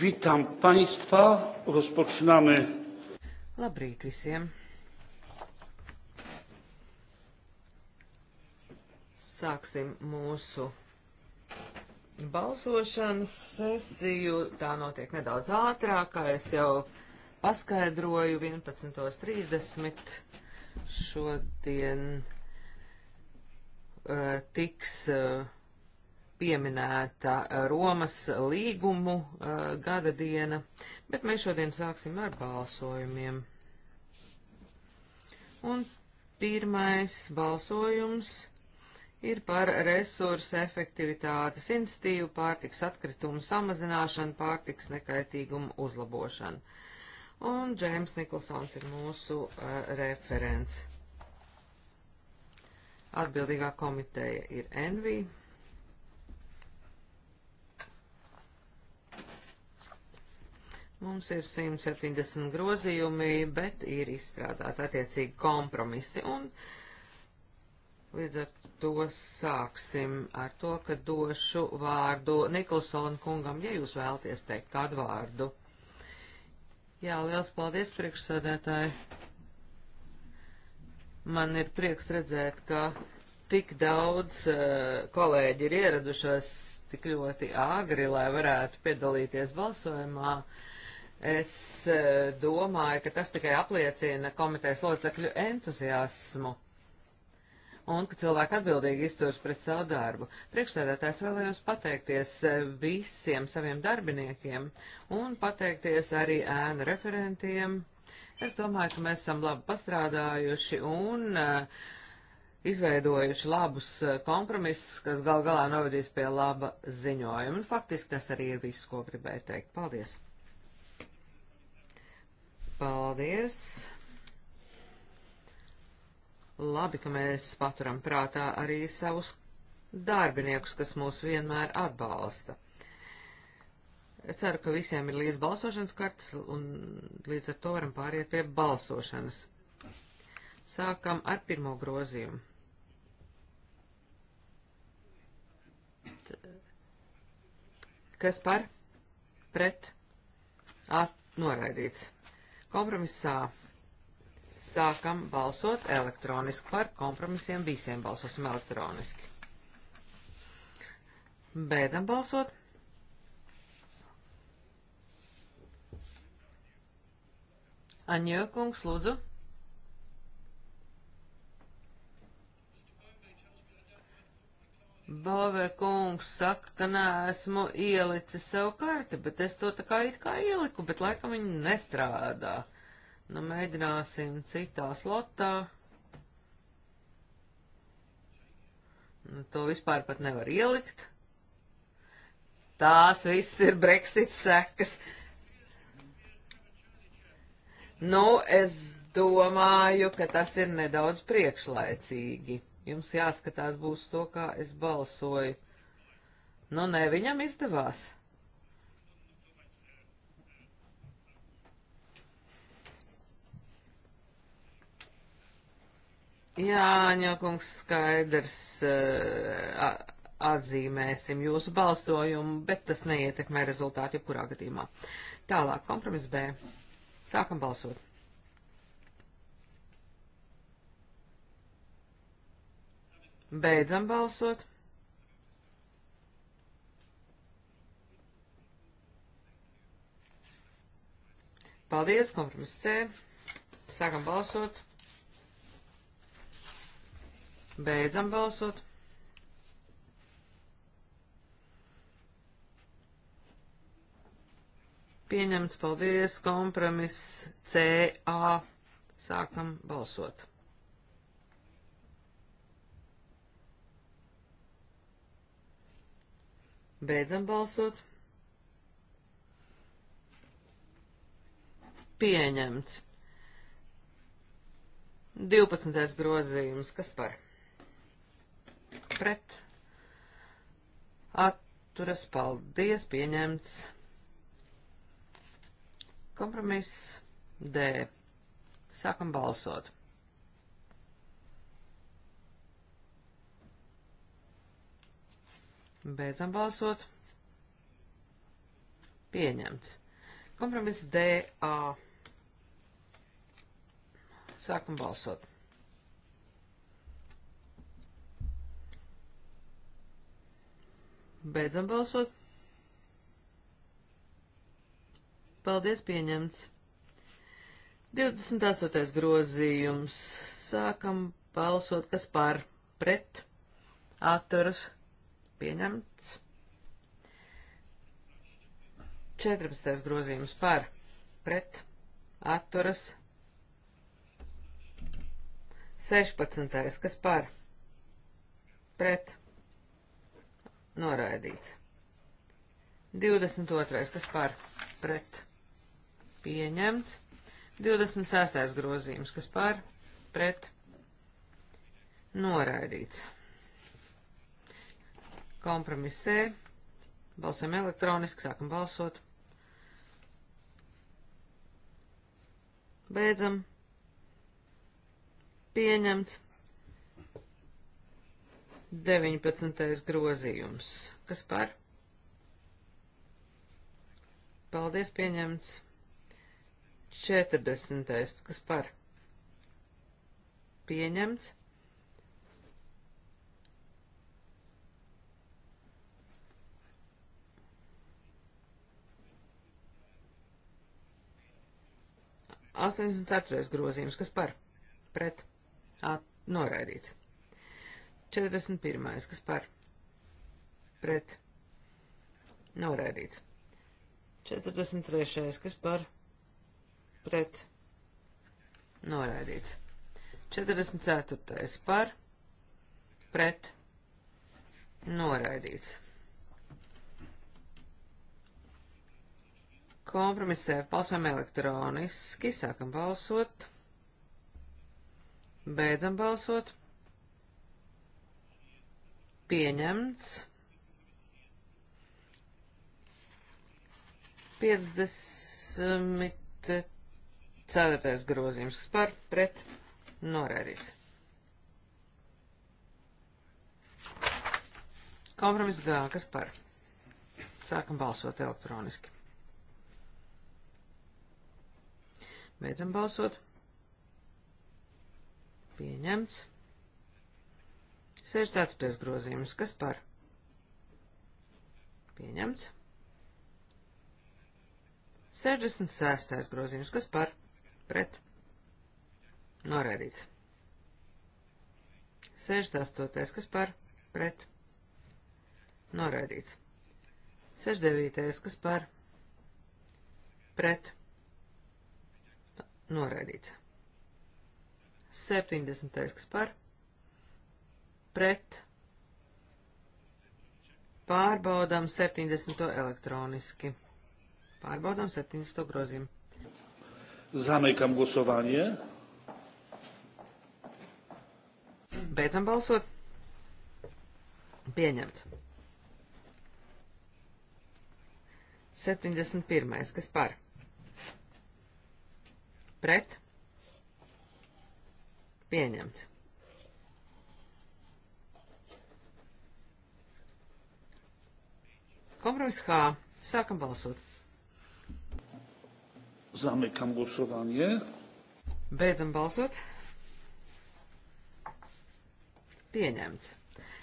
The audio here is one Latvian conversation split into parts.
Witam Państwa. Rozpoczynamy. Labrīt visiem. Sāksim mūsu balsošanas sesiju. Tā notiek nedaudz ātrāk, kā es jau paskaidroju 11.30. Šodien uh, tiks uh, pieminēta Romas līgumu uh, gada diena, bet mēs šodien sāksim ar balsojumiem. Un pirmais balsojums ir par resursu efektivitātes institīvu, pārtiks atkritumu samazināšanu, pārtiks nekaitīgumu uzlabošanu. Un Džēms Niklsons ir mūsu uh, referents. Atbildīgā komiteja ir Envija. Mums ir 170 grozījumi, bet ir izstrādāti attiecīgi kompromisi. Un līdz ar to sāksim ar to, ka došu vārdu Nikolsona kungam, ja jūs vēlaties teikt kādu vārdu. Jā, liels paldies, priekšsēdētāji. Man ir prieks redzēt, ka tik daudz uh, kolēģi ir ieradušos tik ļoti āgri, lai varētu piedalīties balsojumā. Uh, Es e, domāju, ka tas tikai apliecina komitejas locekļu entuziasmu un ka cilvēki atbildīgi izturas pret savu darbu. Priekšstādātājs vēlējos pateikties e, visiem saviem darbiniekiem un pateikties arī ēnu referentiem. Es domāju, ka mēs esam labi pastrādājuši un uh, izveidojuši labus kompromisus, kas gal galā novadīs pie laba ziņojuma. Faktiski tas arī ir viss, ko gribēju teikt. Paldies! Paldies! Labi, ka mēs paturam prātā arī savus darbiniekus, kas mūs vienmēr atbalsta. Es ceru, ka visiem ir līdz balsošanas kartas, un līdz ar to varam pāriet pie balsošanas. Sākam ar pirmo grozījumu. Kas par? Pret? At, noraidīts. Kompromisā sākam balsot elektroniski par kompromisiem, visiem balsosim elektroniski. Beidzam balsot. Aņokungs, lūdzu. Bove kungs saka, ka neesmu ielicis sev karti, bet es to tā kā it kā ieliku, bet laikam viņi nestrādā. Nu, mēģināsim citā slotā. Nu, to vispār pat nevar ielikt. Tās viss ir Brexit sekas. Nu, es domāju, ka tas ir nedaudz priekšlaicīgi. Jums jāskatās būs to, kā es balsoju. Nu, nē, viņam izdevās. Jāņa kungs skaidrs eh, atzīmēsim jūsu balsojumu, bet tas neietekmē rezultātu jebkurā gadījumā. Tālāk, kompromiss B. Sākam balsot. Beidzam balsot. Paldies, kompromiss C. Sākam balsot. Beidzam balsot. Pieņemts, paldies, kompromiss CA. Sākam balsot. Beidzam balsot. Pieņemts. 12. grozījums. Kas par? Pret. Atturas. Paldies. Pieņemts. Kompromiss D. Sākam balsot. Beidzam balsot. Pieņemts. Kompromiss DA. Sākam balsot. Beidzam balsot. Paldies, pieņemts. 28. grozījums. Sākam balsot, kas par pret atturas pieņemts pieņemts. 14. grozījums par pret atturas 16. kas par pret noraidīts. 22. kas par pret pieņemts. 26. grozījums, kas par pret noraidīts. Kompromisē. E. Balsojam elektroniski, sākam balsot. Beidzam. Pieņemts. 19. grozījums. Kas par? Paldies, pieņemts. 40. Kas par? Pieņemts. 84. grozījums, kas par pret at, noraidīts. 41. kas par pret noraidīts. 43. kas par pret noraidīts. 44. par pret noraidīts. Kompromisē balsojam elektroniski, sākam balsot, beidzam balsot, pieņemts 54. grozījums, kas par pret norēdīts. Kompromiss gā, kas par? Sākam balsot elektroniski. Beidzam balsot. Pieņemts. 64. grozījums. Kas par? Pieņemts. 66. grozījums. Kas par? Pret. Noraidīts. 68. Kas par? Pret. Noraidīts. 69. Kas par? Pret. Noraidīts. 70. kas par pret. Pārbaudām 70. elektroniski. Pārbaudām 70. grozījumu. Zamykam głosowanie. Beidzam balsot. Pieņemts. 71. Kas par? pret, pieņemts. Kompromiss H. Sākam balsot. Zamykam głosowanie. Beidzam balsot. Pieņemts.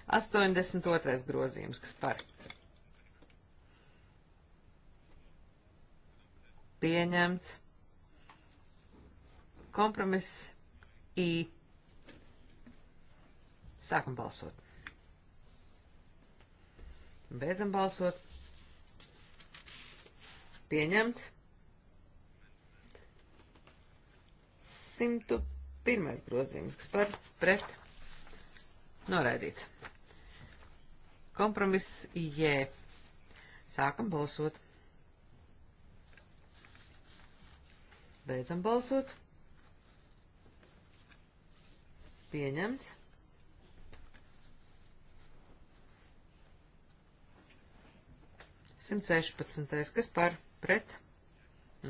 82. grozījums, kas par. Pieņemts. Kompromiss I. Sākam balsot. Beidzam balsot. Pieņemts. 101. grozījums, kas par pret noraidīts. Kompromiss J. Sākam balsot. Beidzam balsot. Pieņemts. Simt sešpadsmitais, kas par pret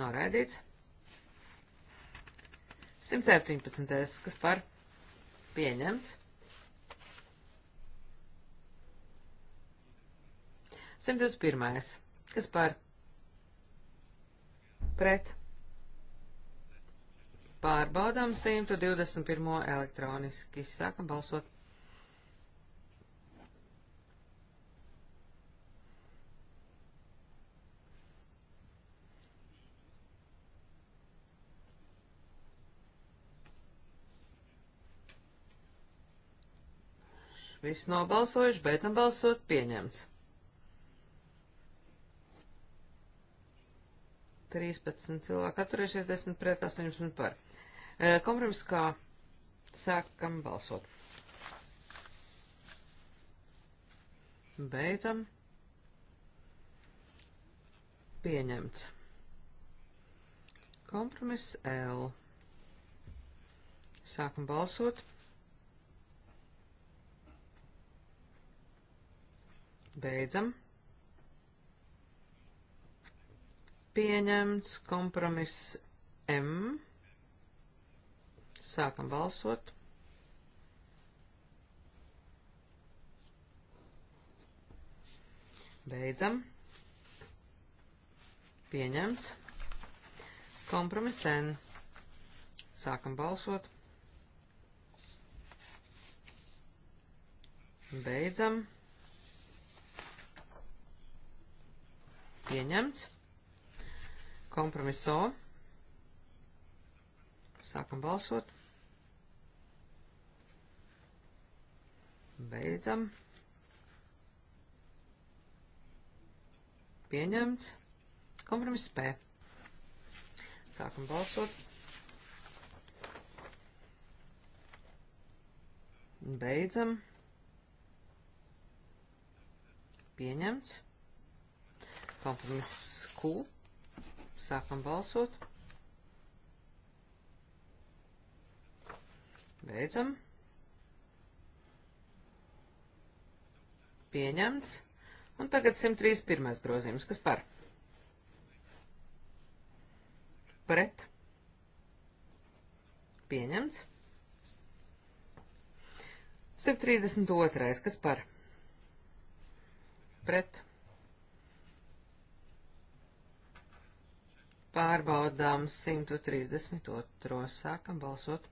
noraidīts. Simt septiņpadsmitais, kas par pieņemts. 121. Kas par? Pret. Pārbaudām 121. elektroniski. Sākam balsot. Viss nobalsojuši, beidzam balsot, pieņemts. 13 cilvēki atturējušies, 10 pret 18 par. E, kompromiss kā sākam balsot. Beidzam. Pieņemts. Kompromiss L. Sākam balsot. Beidzam. pieņemts kompromiss M. Sākam balsot. Beidzam. Pieņemts. Kompromiss N. Sākam balsot. Beidzam. Pieņemts. Kompromiss O. Sākam balsot. Beidzam. Pieņemts. Kompromiss P. Sākam balsot. Beidzam. Pieņemts. Kompromiss Q. Sākam balsot. Beidzam. Pieņemts. Un tagad 131. grozījums. Kas par? Pret. Pieņemts. 132. Kas par? Pret. Pārbaudām 132. Sākam balsot.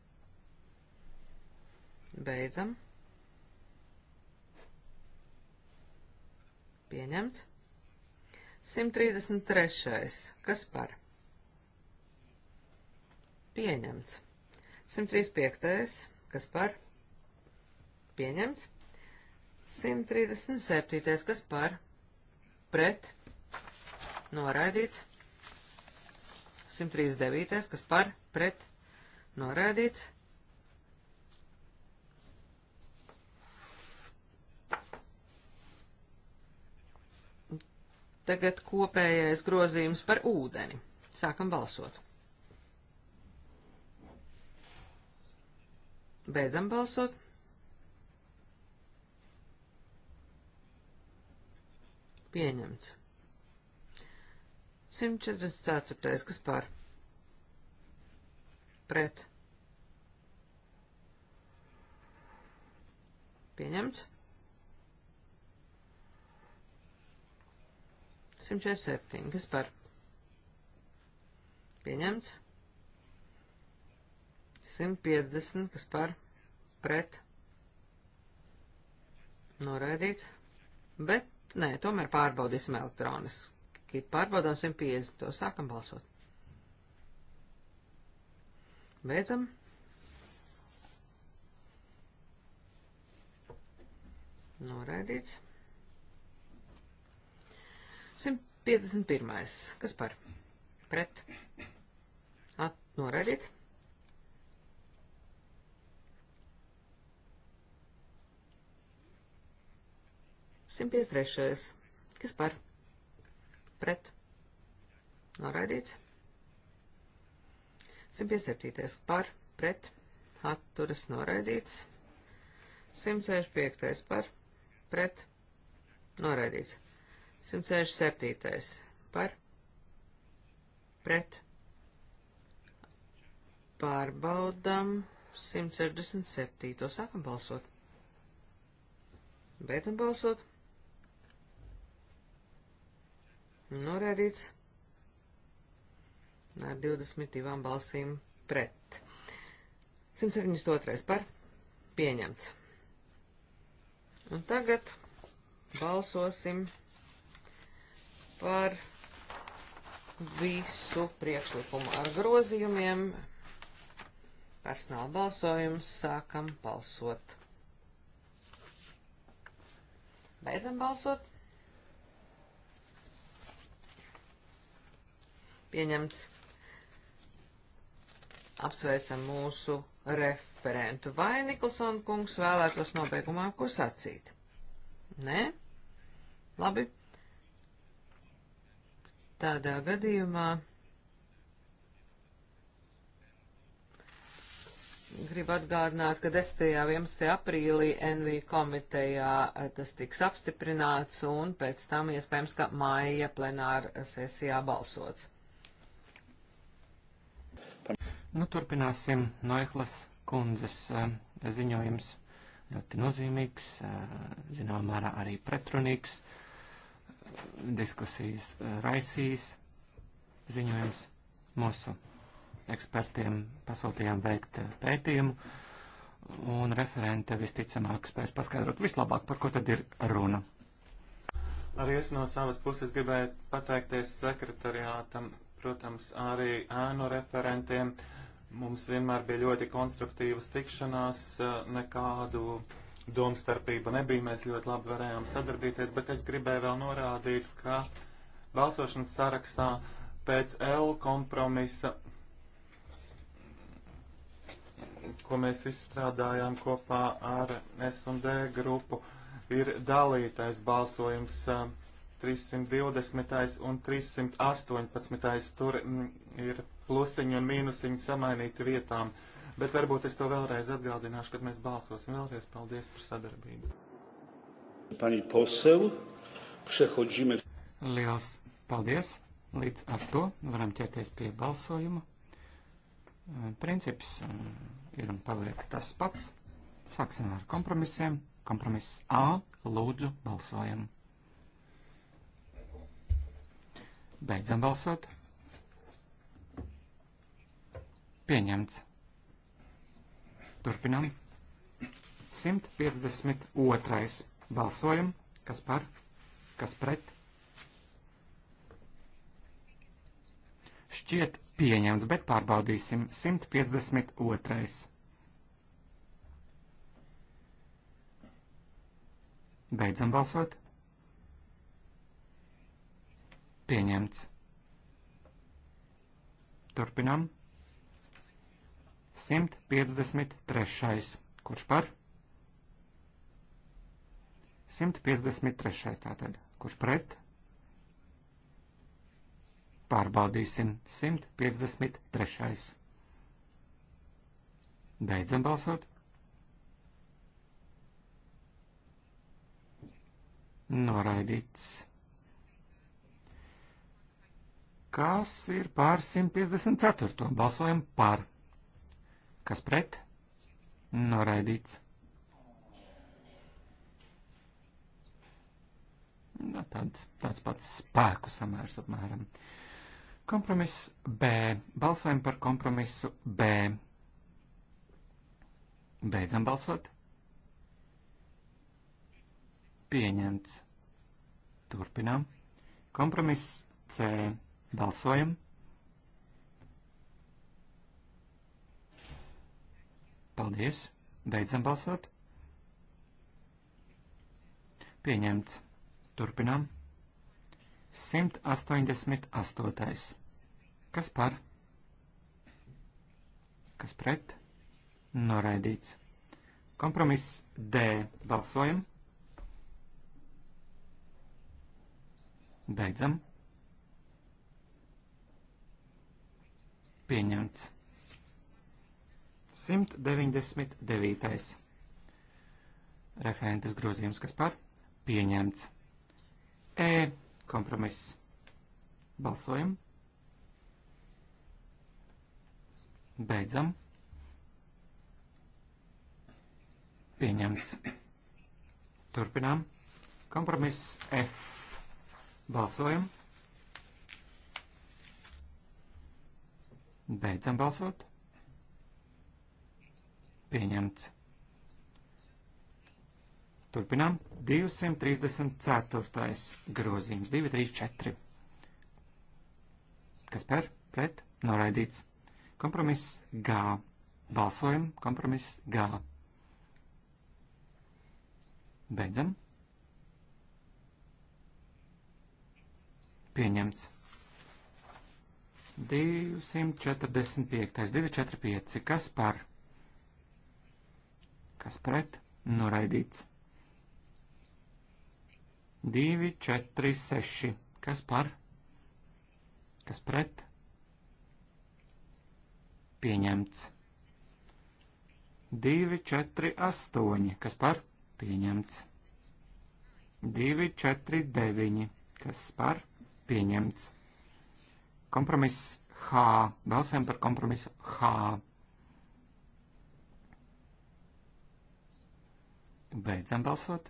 Beidzam. Pieņemts. 133. Kas par? Pieņemts. 135. Kas par? Pieņemts. 137. Kas par? Pret. Noraidīts. 139. kas par pret norēdīts. Tagad kopējais grozījums par ūdeni. Sākam balsot. Beidzam balsot. Pieņemts. 144. kas par? Pret. Pieņemts. 147. Kas par? Pieņemts. 150. Kas par? Pret. Noraidīts. Bet, nē, tomēr pārbaudīsim elektroniski elektroniski pārbaudām 150. Sākam balsot. Beidzam. Noraidīts. 151. Kas par? Pret. At, noraidīts. Simt piecdesmit trešais. Kas par? pret noraidīts. 157. par pret atturas noraidīts. 165. par pret noraidīts. 167. par pret pārbaudam 167. sākam balsot. Beidzam balsot. Noraidīts ar 22 balsīm pret. 172. par pieņemts. Un tagad balsosim par visu priekšlikumu ar grozījumiem. Personāla balsojums sākam balsot. Beidzam balsot. pieņemts. Apsveicam mūsu referentu. Vai Nikolson kungs vēlētos nobeigumā ko sacīt? Nē? Labi. Tādā gadījumā gribu atgādināt, ka 10. un 11. aprīlī NV komitejā eh, tas tiks apstiprināts un pēc tam iespējams, ka māja plenāra sesijā balsots. Nu, turpināsim Noihlas kundzes eh, ziņojums. Ļoti nozīmīgs, eh, zinām mērā arī pretrunīgs, eh, diskusijas raisīs ziņojums mūsu ekspertiem pasūtījām veikt pētījumu, un referente visticamāk spēs paskaidrot vislabāk, par ko tad ir runa. Arī es no savas puses gribēju pateikties sekretariātam, protams, arī ēnu referentiem. Uh, Mums vienmēr bija ļoti konstruktīvas tikšanās, eh, nekādu domstarpību nebija, mēs ļoti labi varējām sadarbīties, bet es gribēju vēl norādīt, ka balsošanas sarakstā pēc L kompromisa, ko mēs izstrādājām kopā ar S&D grupu, ir dalītais balsojums 320. Eh, un 318. tur mm, ir plusiņu un mīnusiņu samainīt vietām. Bet varbūt es to vēlreiz atgādināšu, kad mēs balsosim. Vēlreiz paldies par sadarbību. Pani Posev, prehodzime. Liels paldies. Līdz ar to varam ķerties pie balsojuma. Eh, princips eh, ir un paliek tas pats. Sāksim ar kompromisiem. Kompromiss A. Lūdzu, balsojam. Beidzam balsot. Pieņemts. Turpinām. 152. Balsojam. Kas par? Kas pret? Šķiet pieņemts, bet pārbaudīsim. 152. Beidzam balsot. Pieņemts. Turpinām. 153. 153. Kurš par? 153. Tātad. Kurš pret? Pārbaudīsim. 153. Beidzam balsot. Noraidīts. Kas ir pār 154? Balsojam par. Kas pret? Noraidīts. Nu, tāds, tāds pats spēku samērs apmēram. Kompromiss B. Balsojam par kompromisu B. Beidzam balsot. Pieņemts. Turpinām. Kompromiss C. Balsojam. Paldies! Beidzam balsot. Pieņemts. Turpinām. 188. Kas par? Kas pret? Noraidīts. Kompromiss D. Balsojam. Beidzam. Pieņemts. 199. Referentes grozījums, kas par pieņemts. E kompromiss. Balsojam. Beidzam. Pieņemts. Turpinām. Kompromiss F. Balsojam. Beidzam balsot. Pieņemts. Turpinām. 234. grozījums. 2, 3, 4. Kas par? Pret? Noraidīts. Kompromiss G. Balsojam. Kompromiss G. Beidzam. Pieņemts. 245. 245. Kas par? kas pret, noraidīts. 2, 4, 6, kas par, kas pret, pieņemts. 2, 4, 8, kas par, pieņemts. 2, 4, 9, kas par, pieņemts. Kompromiss H, balsēm par kompromisu H. Beidzam balsot.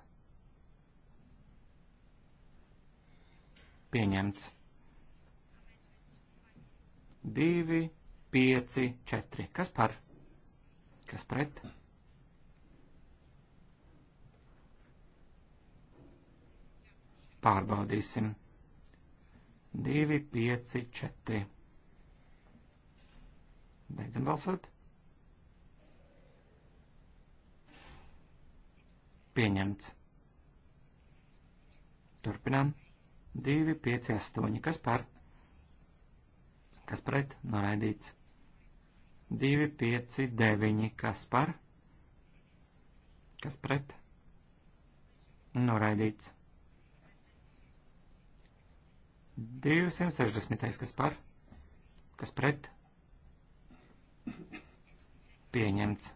Pieņemts. 2, 5, 4. Kas par? Kas pret? Pārbaudīsim. 2, 5, 4. Beidzam balsot. Pieņemts. Turpinām. 2, 5, 8. Kas par? Kas pret? Noraidīts. 2, 5, 9. Kas par? Kas pret? Noraidīts. 260. Kas par? Kas pret? Pieņemts.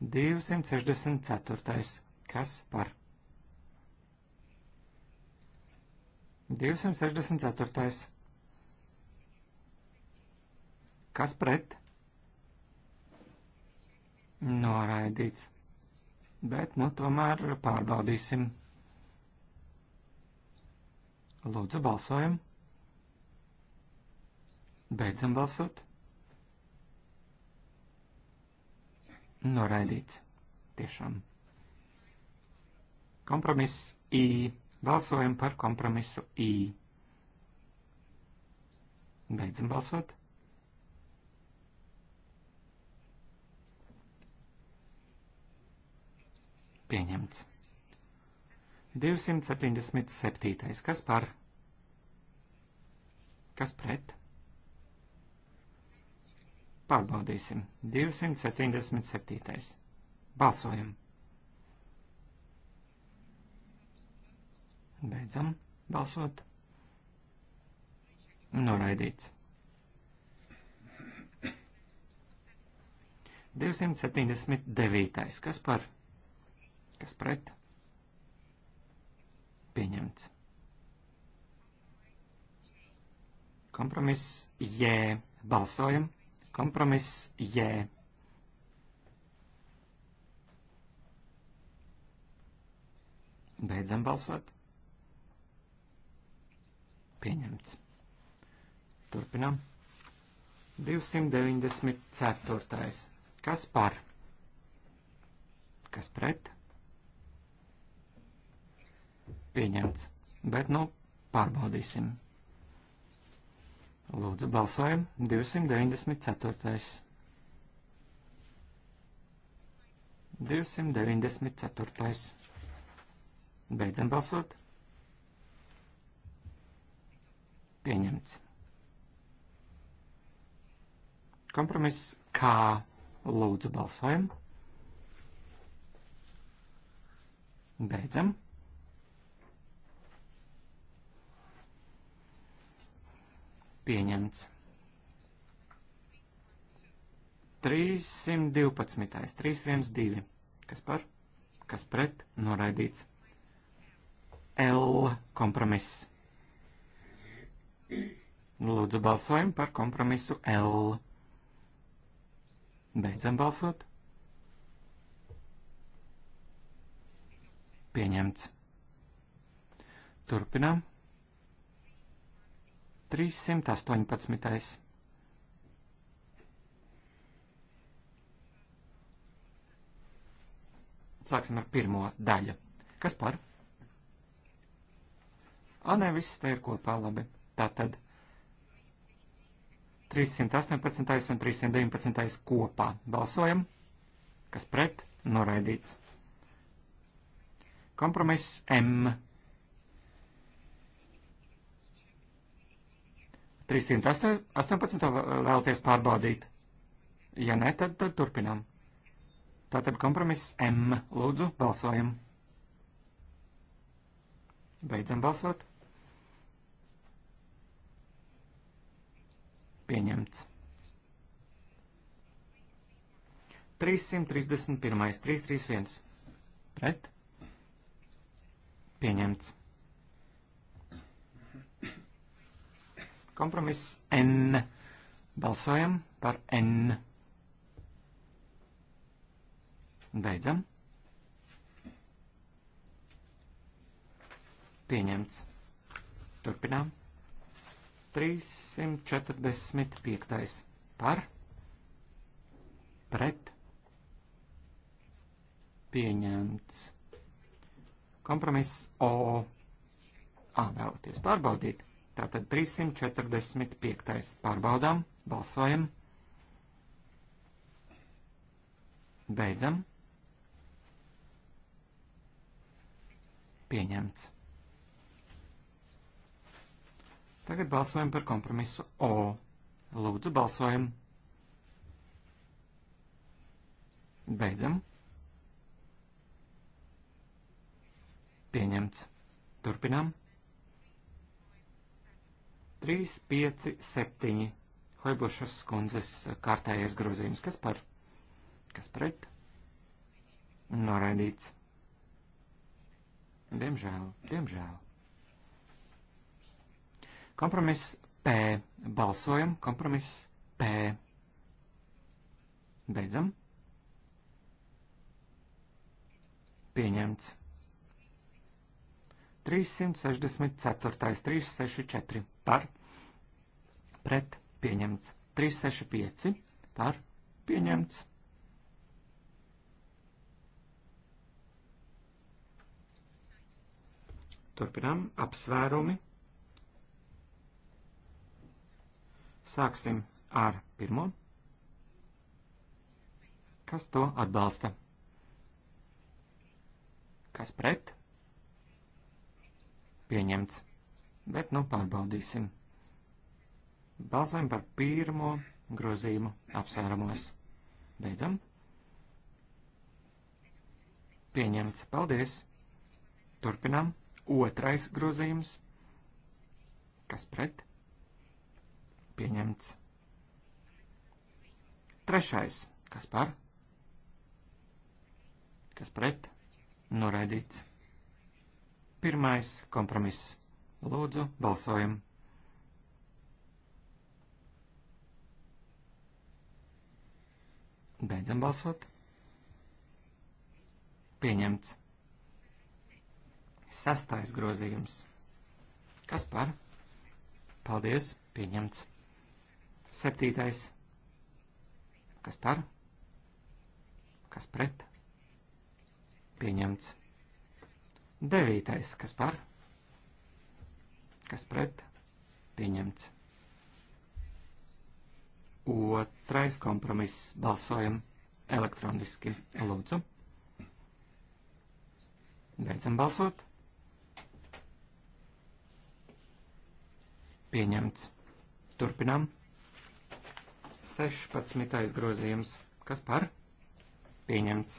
264. Kas par? 264. Kas pret? Noraidīts. Bet, nu, tomēr pārbaudīsim. Lūdzu, balsojam. Beidzam balsot. Noraidīts. Tiešām. Kompromiss I. Balsojam par kompromisu I. Beidzam balsot. Pieņemts. 277. Kas par? Kas pret? Pārbaudīsim. 277. Balsojam. Beidzam balsot. Noraidīts. 279. Kas par? Kas pret? Pieņemts. Kompromiss J. Balsojam. Kompromis J. Beidzam balsot. Pieņemts. Turpinām. 294. Kas par? Kas pret? Pieņemts. Bet nu pārbaudīsim. Lūdzu, balsojam 294. 294. Beidzam balsot. Pieņemts. Kompromiss K. Lūdzu, balsojam. Beidzam. pieņemts. 312. 312. Kas par? Kas pret? Noraidīts. L kompromiss. Lūdzu balsojam par kompromisu L. Beidzam balsot. Pieņemts. Turpinām. 318. Sāksim ar pirmo daļu. Kas par? A, nē, viss te ir kopā labi. Tātad 318. un 319. kopā. Balsojam. Kas pret? Noraidīts. Kompromiss M 318. vēlties pārbaudīt? Ja nē, tad, tad turpinām. Tātad kompromiss M. Lūdzu, balsojam. Beidzam balsot. Pieņemts. 331. 331. Pret. Pieņemts. Kompromiss N. Balsojam par N. Beidzam. Pieņemts. Turpinām. 345. par pret pieņemts. Kompromiss O. Ā, vēlaties pārbaudīt. Tātad 345. pārbaudām, balsojam, beidzam. Pieņemts. Tagad balsojam par kompromisu O. Lūdzu, balsojam. Beidzam. Pieņemts. Turpinām. 3, 5, 7. Hoibušas kundzes kārtējais grozījums. Kas par? Kas pret? Noraidīts. Diemžēl, diemžēl. Kompromiss P. Balsojam. Kompromiss P. Beidzam. Pieņemts. 364, 364 par pret pieņemts. 365 par pieņemts. Turpinām apsvērumi. Sāksim ar pirmo. Kas to atbalsta? Kas pret? Pieņemts bet nu pārbaudīsim. Balsojam par pirmo grozījumu apsvērumos. Beidzam. Pieņemts. Paldies. Turpinām. Otrais grozījums. Kas pret? Pieņemts. Trešais. Kas par? Kas pret? Noraidīts. Pirmais kompromiss Lūdzu, balsojam! Beidzam balsot. Pieņemts. Sastais grozījums. Kas par? Paldies, pieņemts. Septītais. Kas par? Kas pret? Pieņemts. Devītais. Kas par? kas pret pieņemts. Otrais kompromiss balsojam elektroniski. Lūdzu. Beidzam balsot. Pieņemts. Turpinām. 16. grozījums. Kas par? Pieņemts.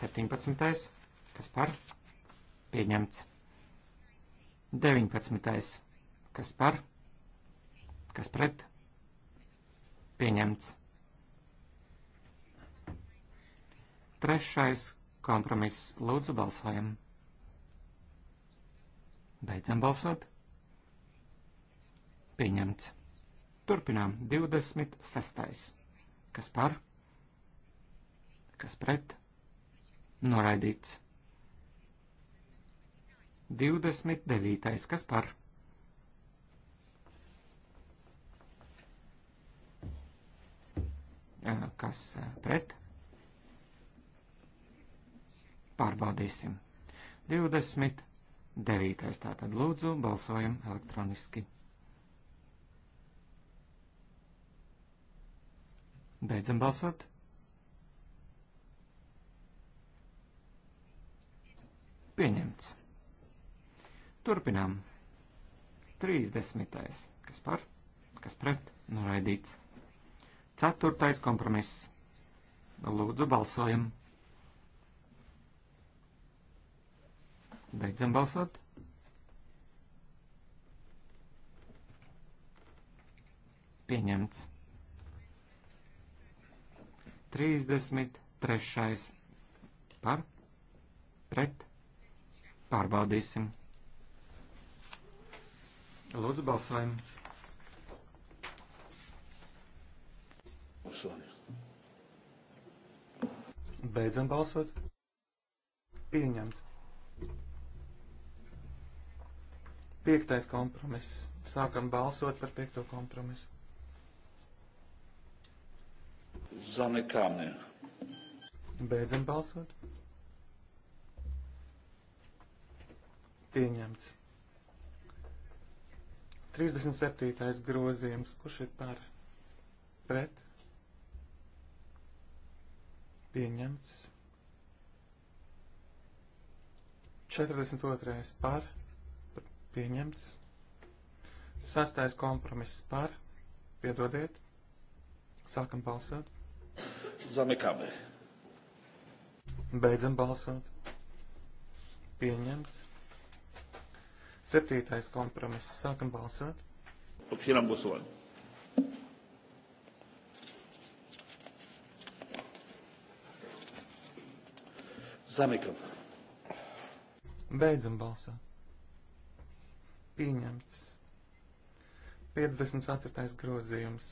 17. Kas par? Pieņemts. 19. Kas par? Kas pret? Pieņemts. Trešais kompromiss. Lūdzu, balsojam. Beidzam balsot. Pieņemts. Turpinām. 26. Kas par? Kas pret? Noraidīts. 29. kas par? Kas pret? Pārbaudīsim. 29. tātad lūdzu balsojam elektroniski. Beidzam balsot. Pieņemts. Turpinām. 30. Kas par? Kas pret? Noraidīts. 4. kompromiss. Lūdzu, balsojam. Beidzam balsot. Pieņemts. 33. par pret pārbaudīsim. Lūdzu, balsojam. Beidzam balsot. Pieņemts. Piektais kompromiss. Sākam balsot par piekto kompromisu. Zamykamy. Beidzam balsot. Pieņemts. 37. grozījums, kurš ir par pret pieņemts. 42. par pieņemts. 6. kompromiss par piedodiet. Sākam balsot. Zamykamy. Beidzam balsot. Pieņemts. Septītais kompromiss. Sākam balsot. Papšīnām balsot. Zamikam. Beidzam balsot. Pieņemts. 54. grozījums.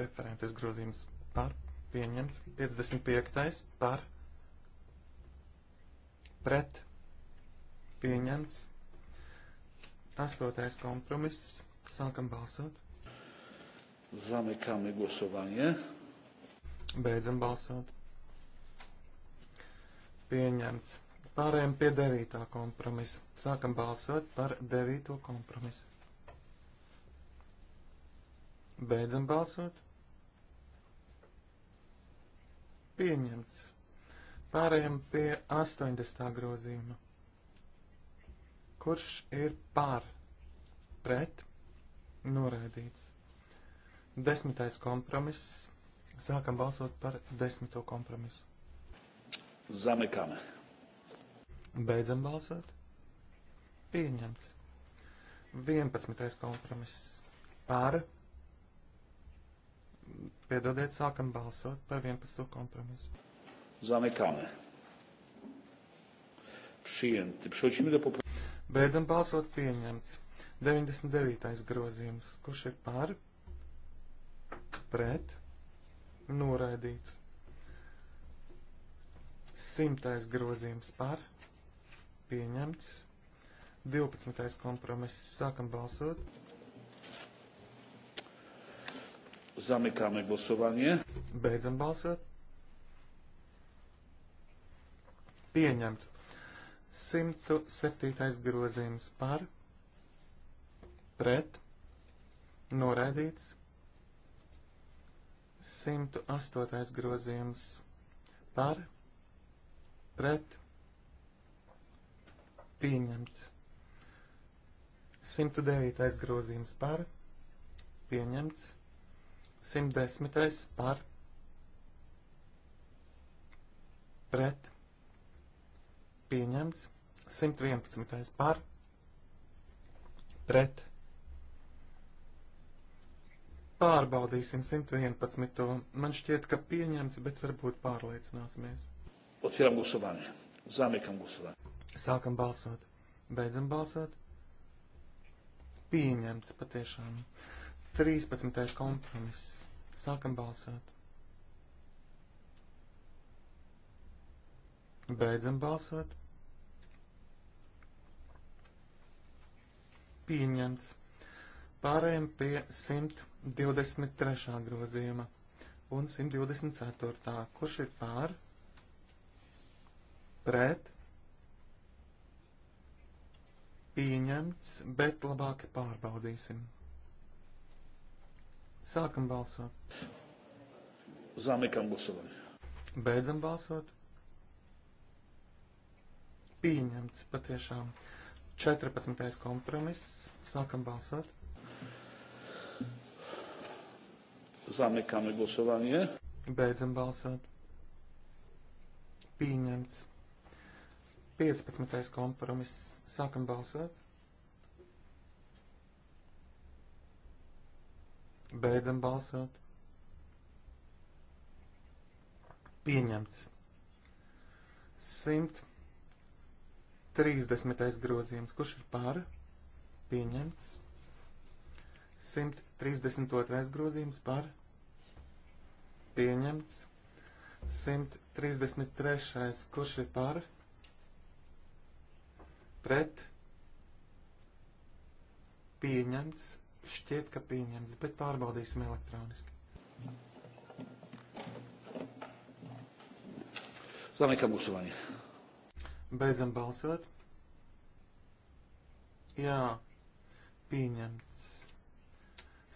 Referentes grozījums par. Pieņemts. 55. par. Pret. Pieņemts. Astotais kompromiss. Sākam balsot. Zamykamy głosowanie. Beidzam balsot. Pieņemts. Pārējām pie devītā kompromisa. Sākam balsot par devīto kompromisu. Beidzam balsot. Pieņemts. Pārējām pie 80. grozījuma. Kurš ir pār? Pret? Noraidīts. Desmitais kompromiss. Sākam balsot par desmito kompromisu. Zamekame. Beidzam balsot. Pieņemts. Vienpadsmitais kompromiss. Pār? Piedodiet, sākam balsot par 11. kompromisu. Zamykamy. Przyjęty. Przechodzimy do poprawki. Beidzam balsot pieņemts. 99. grozījums. Kurš ir par? Pret. Noraidīts. 100. grozījums par. Pieņemts. 12. kompromiss. Sākam balsot. Zamykamy głosowanie. Beidzam balsot. Pieņemts. 107. grozījums par, pret, noraidīts. 108. grozījums par, pret, pieņemts. 109. grozījums par, pieņemts. 110. par, pret, pieņemts pieņemts. 111. par pret. Pārbaudīsim 111. Man šķiet, ka pieņemts, bet varbūt pārliecināsimies. Otvaram gusovāni. Zamekam gusovāni. Sākam balsot. Beidzam balsot. Pieņemts patiešām. 13. kompromiss. Sākam balsot. Beidzam balsot. Pieņemts. Pārējiem pie 123. grozījuma un 124. Kurš ir pār? Pret? Pieņemts, bet labāk pārbaudīsim. Sākam balsot. Zamykam głosowanie. Beidzam balsot pieņemts patiešām. 14. kompromiss. Sākam balsot. Zamykamy głosowanie. Beidzam balsot. Pieņemts. 15. kompromiss. Sākam balsot. Beidzam balsot. Pieņemts. 100. 30. grozījums, kurš ir pār, pieņemts. 132. grozījums par, pieņemts. 133. kurš ir par, pret, pieņemts. Šķiet, ka pieņemts, bet pārbaudīsim elektroniski. Zamykam głosowanie. Beidzam balsot. Jā, pieņemts.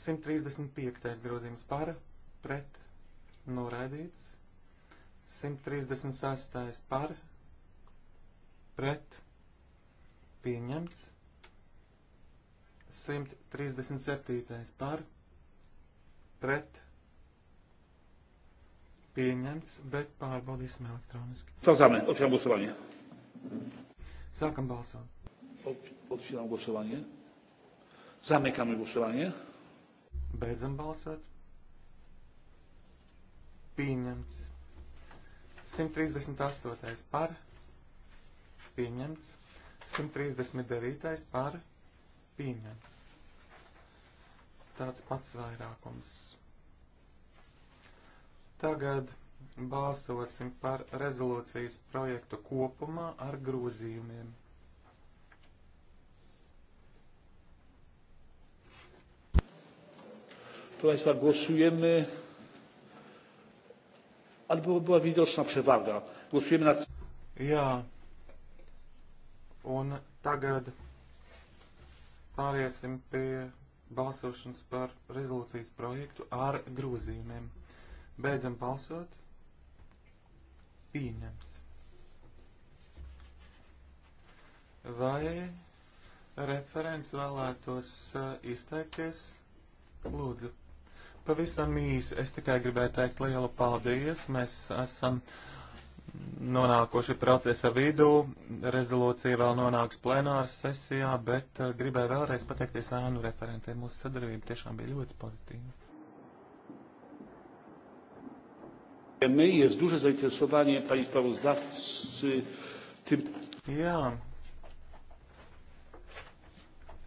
135. grozījums par, pret, noraidīts. 136. par, pret, pieņemts. 137. par, pret, pieņemts, bet pārbaudīsim elektroniski. Sazāmē, otrajā būsovanie. Sākam balsot. Otwieram głosowanie. Zamykamy głosowanie. Beidzam balsot. Pieņemts. 138. par. Pieņemts. 139. par. Pieņemts. Tāds pats vairākums. Tagad balsosim par rezolūcijas projektu kopumā ar grozījumiem. Proszę Państwa, głosujemy, albo była widoczna przewaga. Głosujemy nad... Jā, un tagad pāriesim pie balsošanas par rezolūcijas projektu ar grozījumiem. Beidzam balsot pieņemts. Vai referents vēlētos uh, izteikties? Lūdzu. Pavisam īsi, es tikai gribēju teikt lielu paldies. Mēs esam nonākuši procesa vidū, rezolūcija vēl nonāks plenāras sesijā, bet uh, gribēju vēlreiz pateikties ēnu referentiem. Mūsu sadarbība tiešām bija ļoti pozitīva. Wiemy, jest duże zainteresowanie pani sprawozdawcy tym. Jā.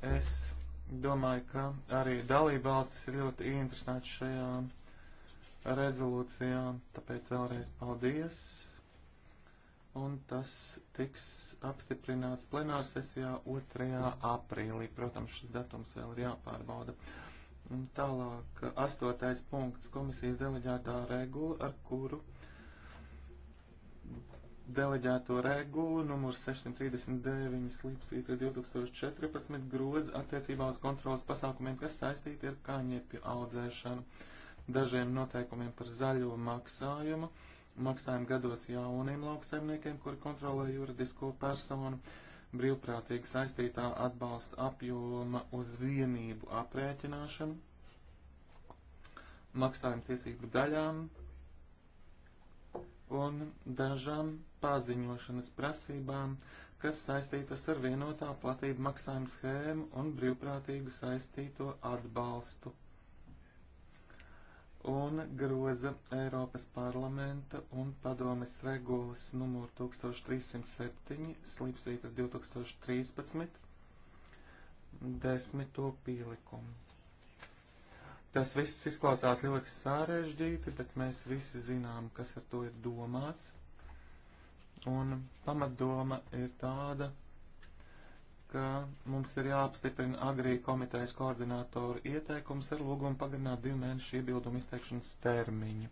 Es domāju, ka arī dalībvalstis ir ļoti interesēts šajā rezolūcijā, tāpēc vēlreiz paldies. Un tas tiks apstiprināts plenārsesijā 2. aprīlī. Protams, šis datums vēl ir jāpārbauda. Tālāk, astotais punkts - komisijas deleģētā regula, ar kuru deleģēto regulu numur 639 līdz 2014 groza attiecībā uz kontrolas pasākumiem, kas saistīti ar kāņiepju audzēšanu, dažiem noteikumiem par zaļo maksājumu, maksājumu gados jauniem lauksaimniekiem, kuri kontrolē juridisko personu brīvprātīgi saistītā atbalsta apjoma uz vienību aprēķināšanu, maksājuma tiesību daļām un dažām paziņošanas prasībām, kas saistītas ar vienotā platība maksājuma schēmu un brīvprātīgu saistīto atbalstu un groza Eiropas parlamenta un padomes regulas numuru 1307, slīpsvīta 2013, desmito pielikumu. Tas viss izklausās ļoti sārežģīti, bet mēs visi zinām, kas ar to ir domāts. Un pamatdoma ir tāda, ka mums ir jāapstiprina agrī komitejas koordinātoru ieteikums ar lūgumu pagarināt divu mēnešu iebildumu izteikšanas termiņu.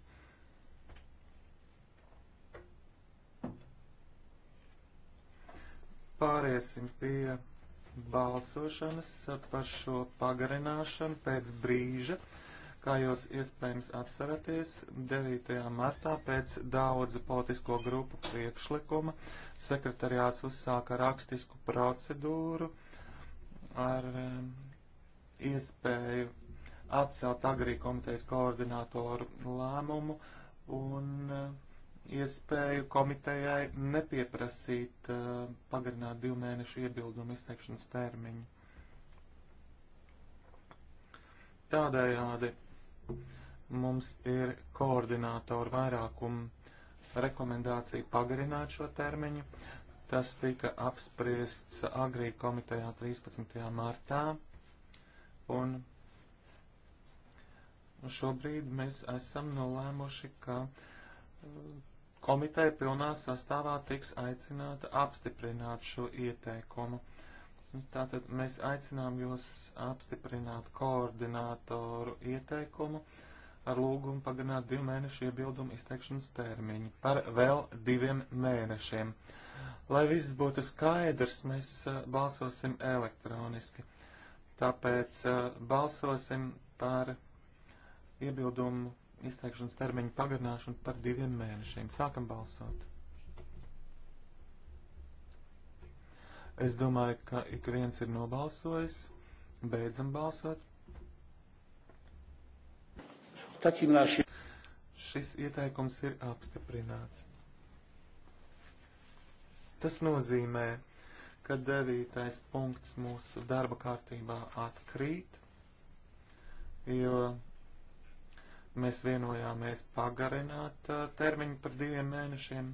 Pāriesim pie balsošanas par šo pagarināšanu pēc brīža. Kā jūs iespējams atceraties, 9. martā pēc daudzu politisko grupu priekšlikuma sekretariāts uzsāka rakstisku procedūru ar um, iespēju atcelt agrī komitejas koordinātoru lēmumu un uh, iespēju komitejai nepieprasīt uh, pagarināt divu mēnešu iebildumu izteikšanas termiņu. Tādējādi Mums ir koordinātoru vairākumu rekomendācija pagarināt šo termiņu. Tas tika apspriests agrī komitejā 13. martā. Un šobrīd mēs esam nolēmuši, ka uh, komiteja pilnā sastāvā tiks aicināta apstiprināt šo ieteikumu. Tātad mēs aicinām jūs apstiprināt koordinātoru ieteikumu ar lūgumu pagarināt divu mēnešu iebildumu izteikšanas termiņu par vēl diviem mēnešiem. Lai viss būtu skaidrs, mēs uh, balsosim elektroniski. Tāpēc uh, balsosim par iebildumu izteikšanas termiņu pagarināšanu par diviem mēnešiem. Sākam balsot! Es domāju, ka ik viens ir nobalsojis. Beidzam balsot. Šis ieteikums ir apstiprināts. Tas nozīmē, ka devītais punkts mūsu darba kārtībā atkrīt, jo mēs vienojāmies pagarināt uh, termiņu par diviem mēnešiem.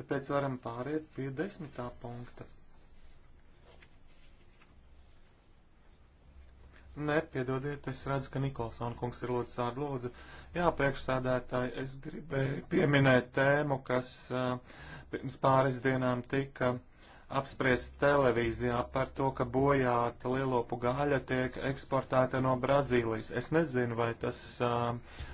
Tāpēc varam pāriet pie desmitā punkta. Nē, piedodiet, es redzu, ka Nikolsona kungs ir lūdzu sādu lūdzu. Jā, priekšsādētāji, es gribēju pieminēt tēmu, kas uh, pirms pāris dienām tika apspriest televīzijā par to, ka bojāta lielopu gāļa tiek eksportēta no Brazīlijas. Es nezinu, vai tas uh,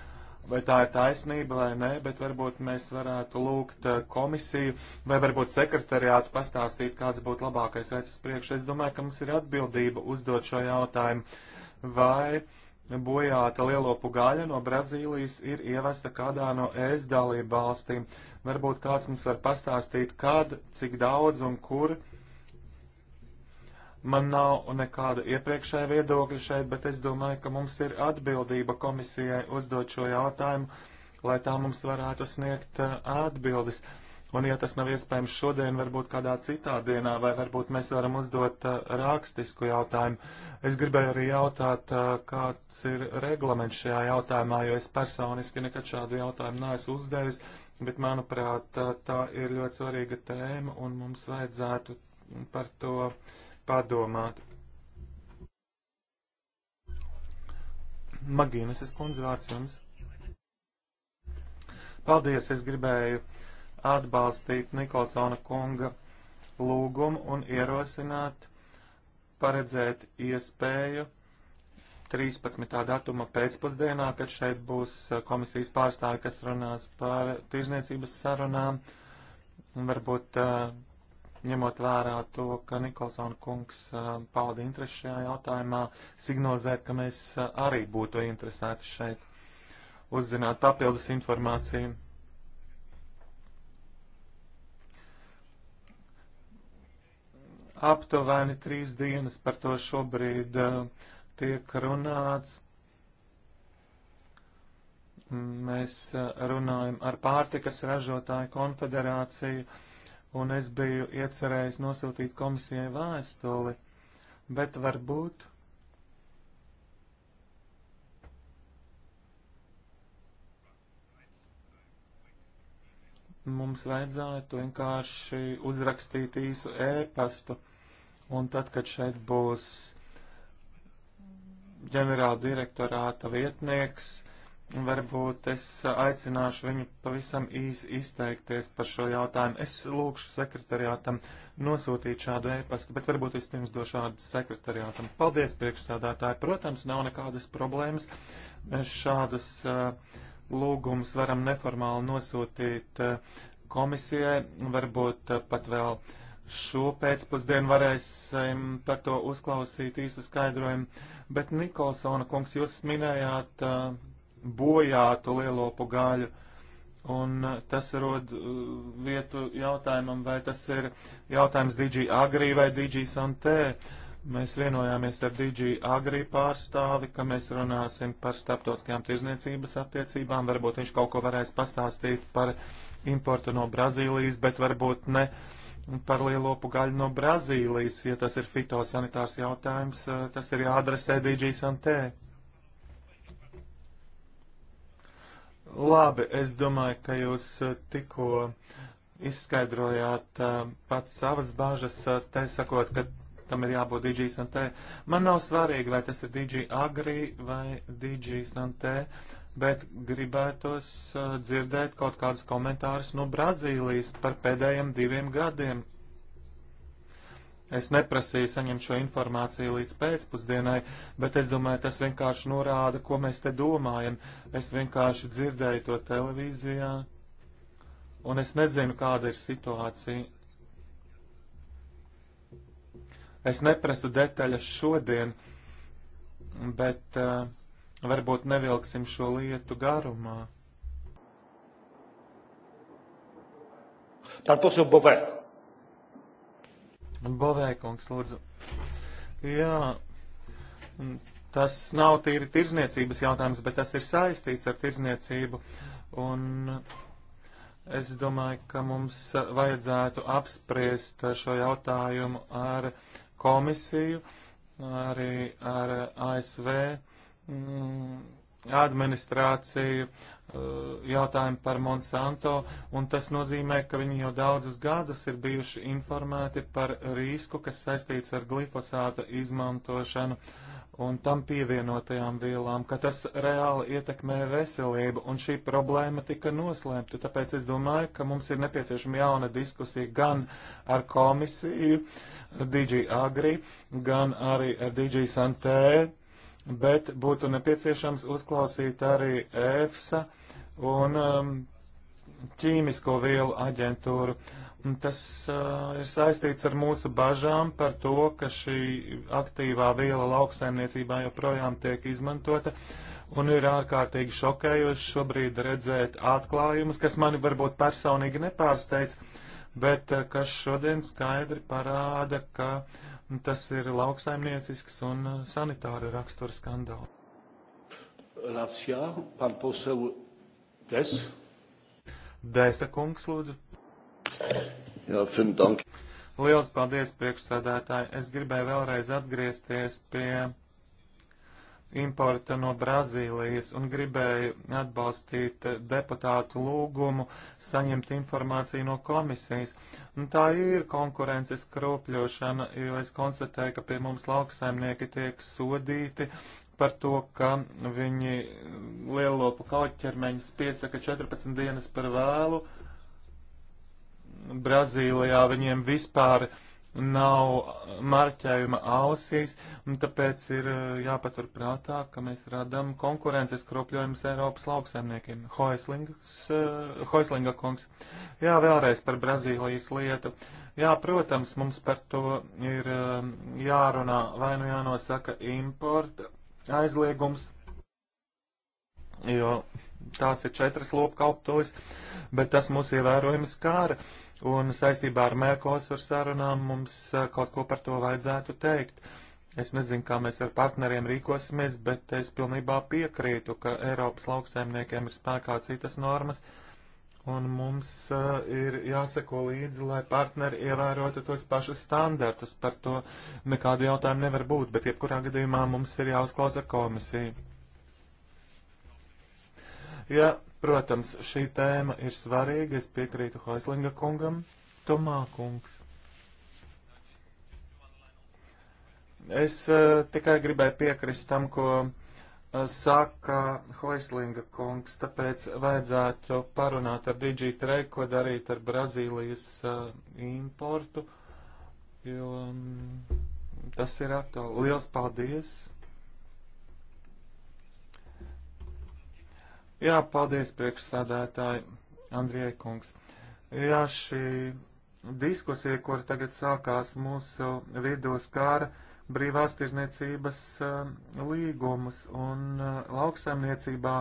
vai tā ir taisnība vai nē, bet varbūt mēs varētu lūgt eh, komisiju vai varbūt sekretariātu pastāstīt, kāds būtu labākais veids priekš. Es domāju, ka mums ir atbildība uzdot šo jautājumu, vai bojāta lielopu gaļa no Brazīlijas ir ievesta kādā no ES dalību valstīm. Varbūt kāds mums var pastāstīt, kad, cik daudz un kur Man nav nekāda iepriekšēja viedokļa šeit, bet es domāju, ka mums ir atbildība komisijai uzdot šo jautājumu, lai tā mums varētu sniegt uh, atbildes. Un, ja tas nav iespējams šodien, varbūt kādā citā dienā, vai varbūt mēs varam uzdot uh, rakstisku jautājumu. Es gribēju arī jautāt, uh, kāds ir reglaments šajā jautājumā, jo es personiski nekad šādu jautājumu neesmu uzdevis, bet, manuprāt, uh, tā ir ļoti svarīga tēma, un mums vajadzētu par to padomāt. Magīnas kundze vārds jums. Paldies, es gribēju atbalstīt Nikolsona kunga lūgumu un ierosināt paredzēt iespēju 13. datuma pēcpusdienā, kad šeit būs komisijas pārstāvi, kas runās par tirzniecības sarunām, varbūt uh, ņemot vērā to, ka Nikolsona kungs pauda interesi šajā jautājumā, signalizēt, ka mēs arī būtu interesēti šeit uzzināt papildus informāciju. Aptuveni trīs dienas par to šobrīd tiek runāts. Mēs runājam ar pārtikas ražotāju konfederāciju un es biju iecerējis nosūtīt komisijai vēstuli, bet varbūt. Mums vajadzētu vienkārši uzrakstīt īsu ēpastu, e un tad, kad šeit būs ģenerāla direktorāta vietnieks, Varbūt es aicināšu viņu pavisam īsi izteikties par šo jautājumu. Es lūkšu sekretariātam nosūtīt šādu ēpastu, bet varbūt vispirms došu vārdu sekretariātam. Paldies, priekšsādātāji. Protams, nav nekādas problēmas. Mēs šādus uh, lūgumus varam neformāli nosūtīt uh, komisijai. Varbūt uh, pat vēl šo pēcpusdienu varēsim um, par to uzklausīt īsu skaidrojumu. Bet Nikolsona kungs, jūs minējāt. Uh, bojātu lielopu gaļu. Un uh, tas rod uh, vietu jautājumam, vai tas ir jautājums DG Agri vai DG Santē. Mēs vienojāmies ar DG Agri pārstāvi, ka mēs runāsim par starptautiskajām tirzniecības attiecībām. Varbūt viņš kaut ko varēs pastāstīt par importu no Brazīlijas, bet varbūt ne par lielopu gaļu no Brazīlijas. Ja tas ir fitosanitārs jautājums, uh, tas ir jāadresē DG Santē. Labi, es domāju, ka jūs eh, tikko izskaidrojāt eh, pats savas bāžas, eh, te sakot, ka tam ir jābūt DG Santē. Man nav svarīgi, vai tas ir DG Agri vai DG Santē, bet gribētos dzirdēt kaut kādus komentārus no Brazīlijas par pēdējiem diviem gadiem, Es neprasīju saņemt šo informāciju līdz pēcpusdienai, bet es domāju, tas vienkārši norāda, ko mēs te domājam. Es vienkārši dzirdēju to televīzijā, un es nezinu, kāda ir situācija. Es neprasu detaļas šodien, bet uh, varbūt nevilksim šo lietu garumā. Par to jau Bovē. Bovēkungs, lūdzu. Jā, tas nav tīri tirzniecības jautājums, bet tas ir saistīts ar tirzniecību. Un es domāju, ka mums vajadzētu apspriest šo jautājumu ar komisiju, arī ar ASV mm, administrāciju Uh, jautājumu par Monsanto, un tas nozīmē, ka viņi jau daudzus gadus ir bijuši informēti par risku, kas saistīts ar glifosāta izmantošanu un tam pievienotajām vielām, ka tas reāli ietekmē veselību, un šī problēma tika noslēpta. Tāpēc es domāju, ka mums ir nepieciešama jauna diskusija gan ar komisiju, DG Agri, gan arī ar DG Santē, bet būtu nepieciešams uzklausīt arī EFSA un um, ķīmisko vielu aģentūru. Un tas uh, ir saistīts ar mūsu bažām par to, ka šī aktīvā viela lauksaimniecībā joprojām tiek izmantota. Un ir ārkārtīgi šokējoši šobrīd redzēt atklājumus, kas mani varbūt personīgi nepārsteidz, bet uh, kas šodien skaidri parāda, ka tas ir lauksaimniecisks un uh, sanitāra rakstura skandāls. Racijā, pan poseu Des. Dēsa kungs, lūdzu. Jā, fin dank. Liels paldies, priekšsādātāji. Es gribēju vēlreiz atgriezties pie importa no Brazīlijas un gribēju atbalstīt deputātu lūgumu saņemt informāciju no komisijas. Un nu, tā ir konkurences kropļošana, jo es konstatēju, ka pie mums lauksaimnieki tiek sodīti par to, ka viņi lielopu kauķermeņus piesaka 14 dienas par vēlu. Brazīlijā viņiem vispār nav marķējuma ausīs, un tāpēc ir uh, jāpatur prātā, ka mēs radam konkurences kropļojumus Eiropas lauksaimniekiem. Uh, Hoislinga kungs. Jā, vēlreiz par Brazīlijas lietu. Jā, protams, mums par to ir um, jārunā, vai nu jānosaka importa aizliegums, jo tās ir četras lopkauptojas, bet tas mūs ievērojami skāra. Un saistībā ar Mērkosur sarunām mums eh, kaut ko par to vajadzētu teikt. Es nezinu, kā mēs ar partneriem rīkosimies, bet es pilnībā piekrītu, ka Eiropas lauksaimniekiem ir spēkā citas normas, uh, Un mums uh, ir jāseko līdzi, lai partneri ievērotu tos pašus standartus. Par to nekādu jautājumu nevar būt, bet jebkurā gadījumā mums ir jāuzklausa komisija. Ja, protams, šī tēma ir svarīga, es piekrītu Hoislinga kungam, Tomā kungs. Es uh, tikai gribēju piekrist tam, ko Eh, saka Hoislinga kungs, tāpēc vajadzētu parunāt ar Digitrei, ko darīt ar Brazīlijas uh, importu, jo um, tas ir aktuāli. Liels paldies! Jā, paldies priekšsādātāji Andrijai kungs. Jā, šī diskusija, kur tagad sākās mūsu vidū skāra, uh, brīvās tirzniecības eh, līgumus un eh, lauksaimniecībā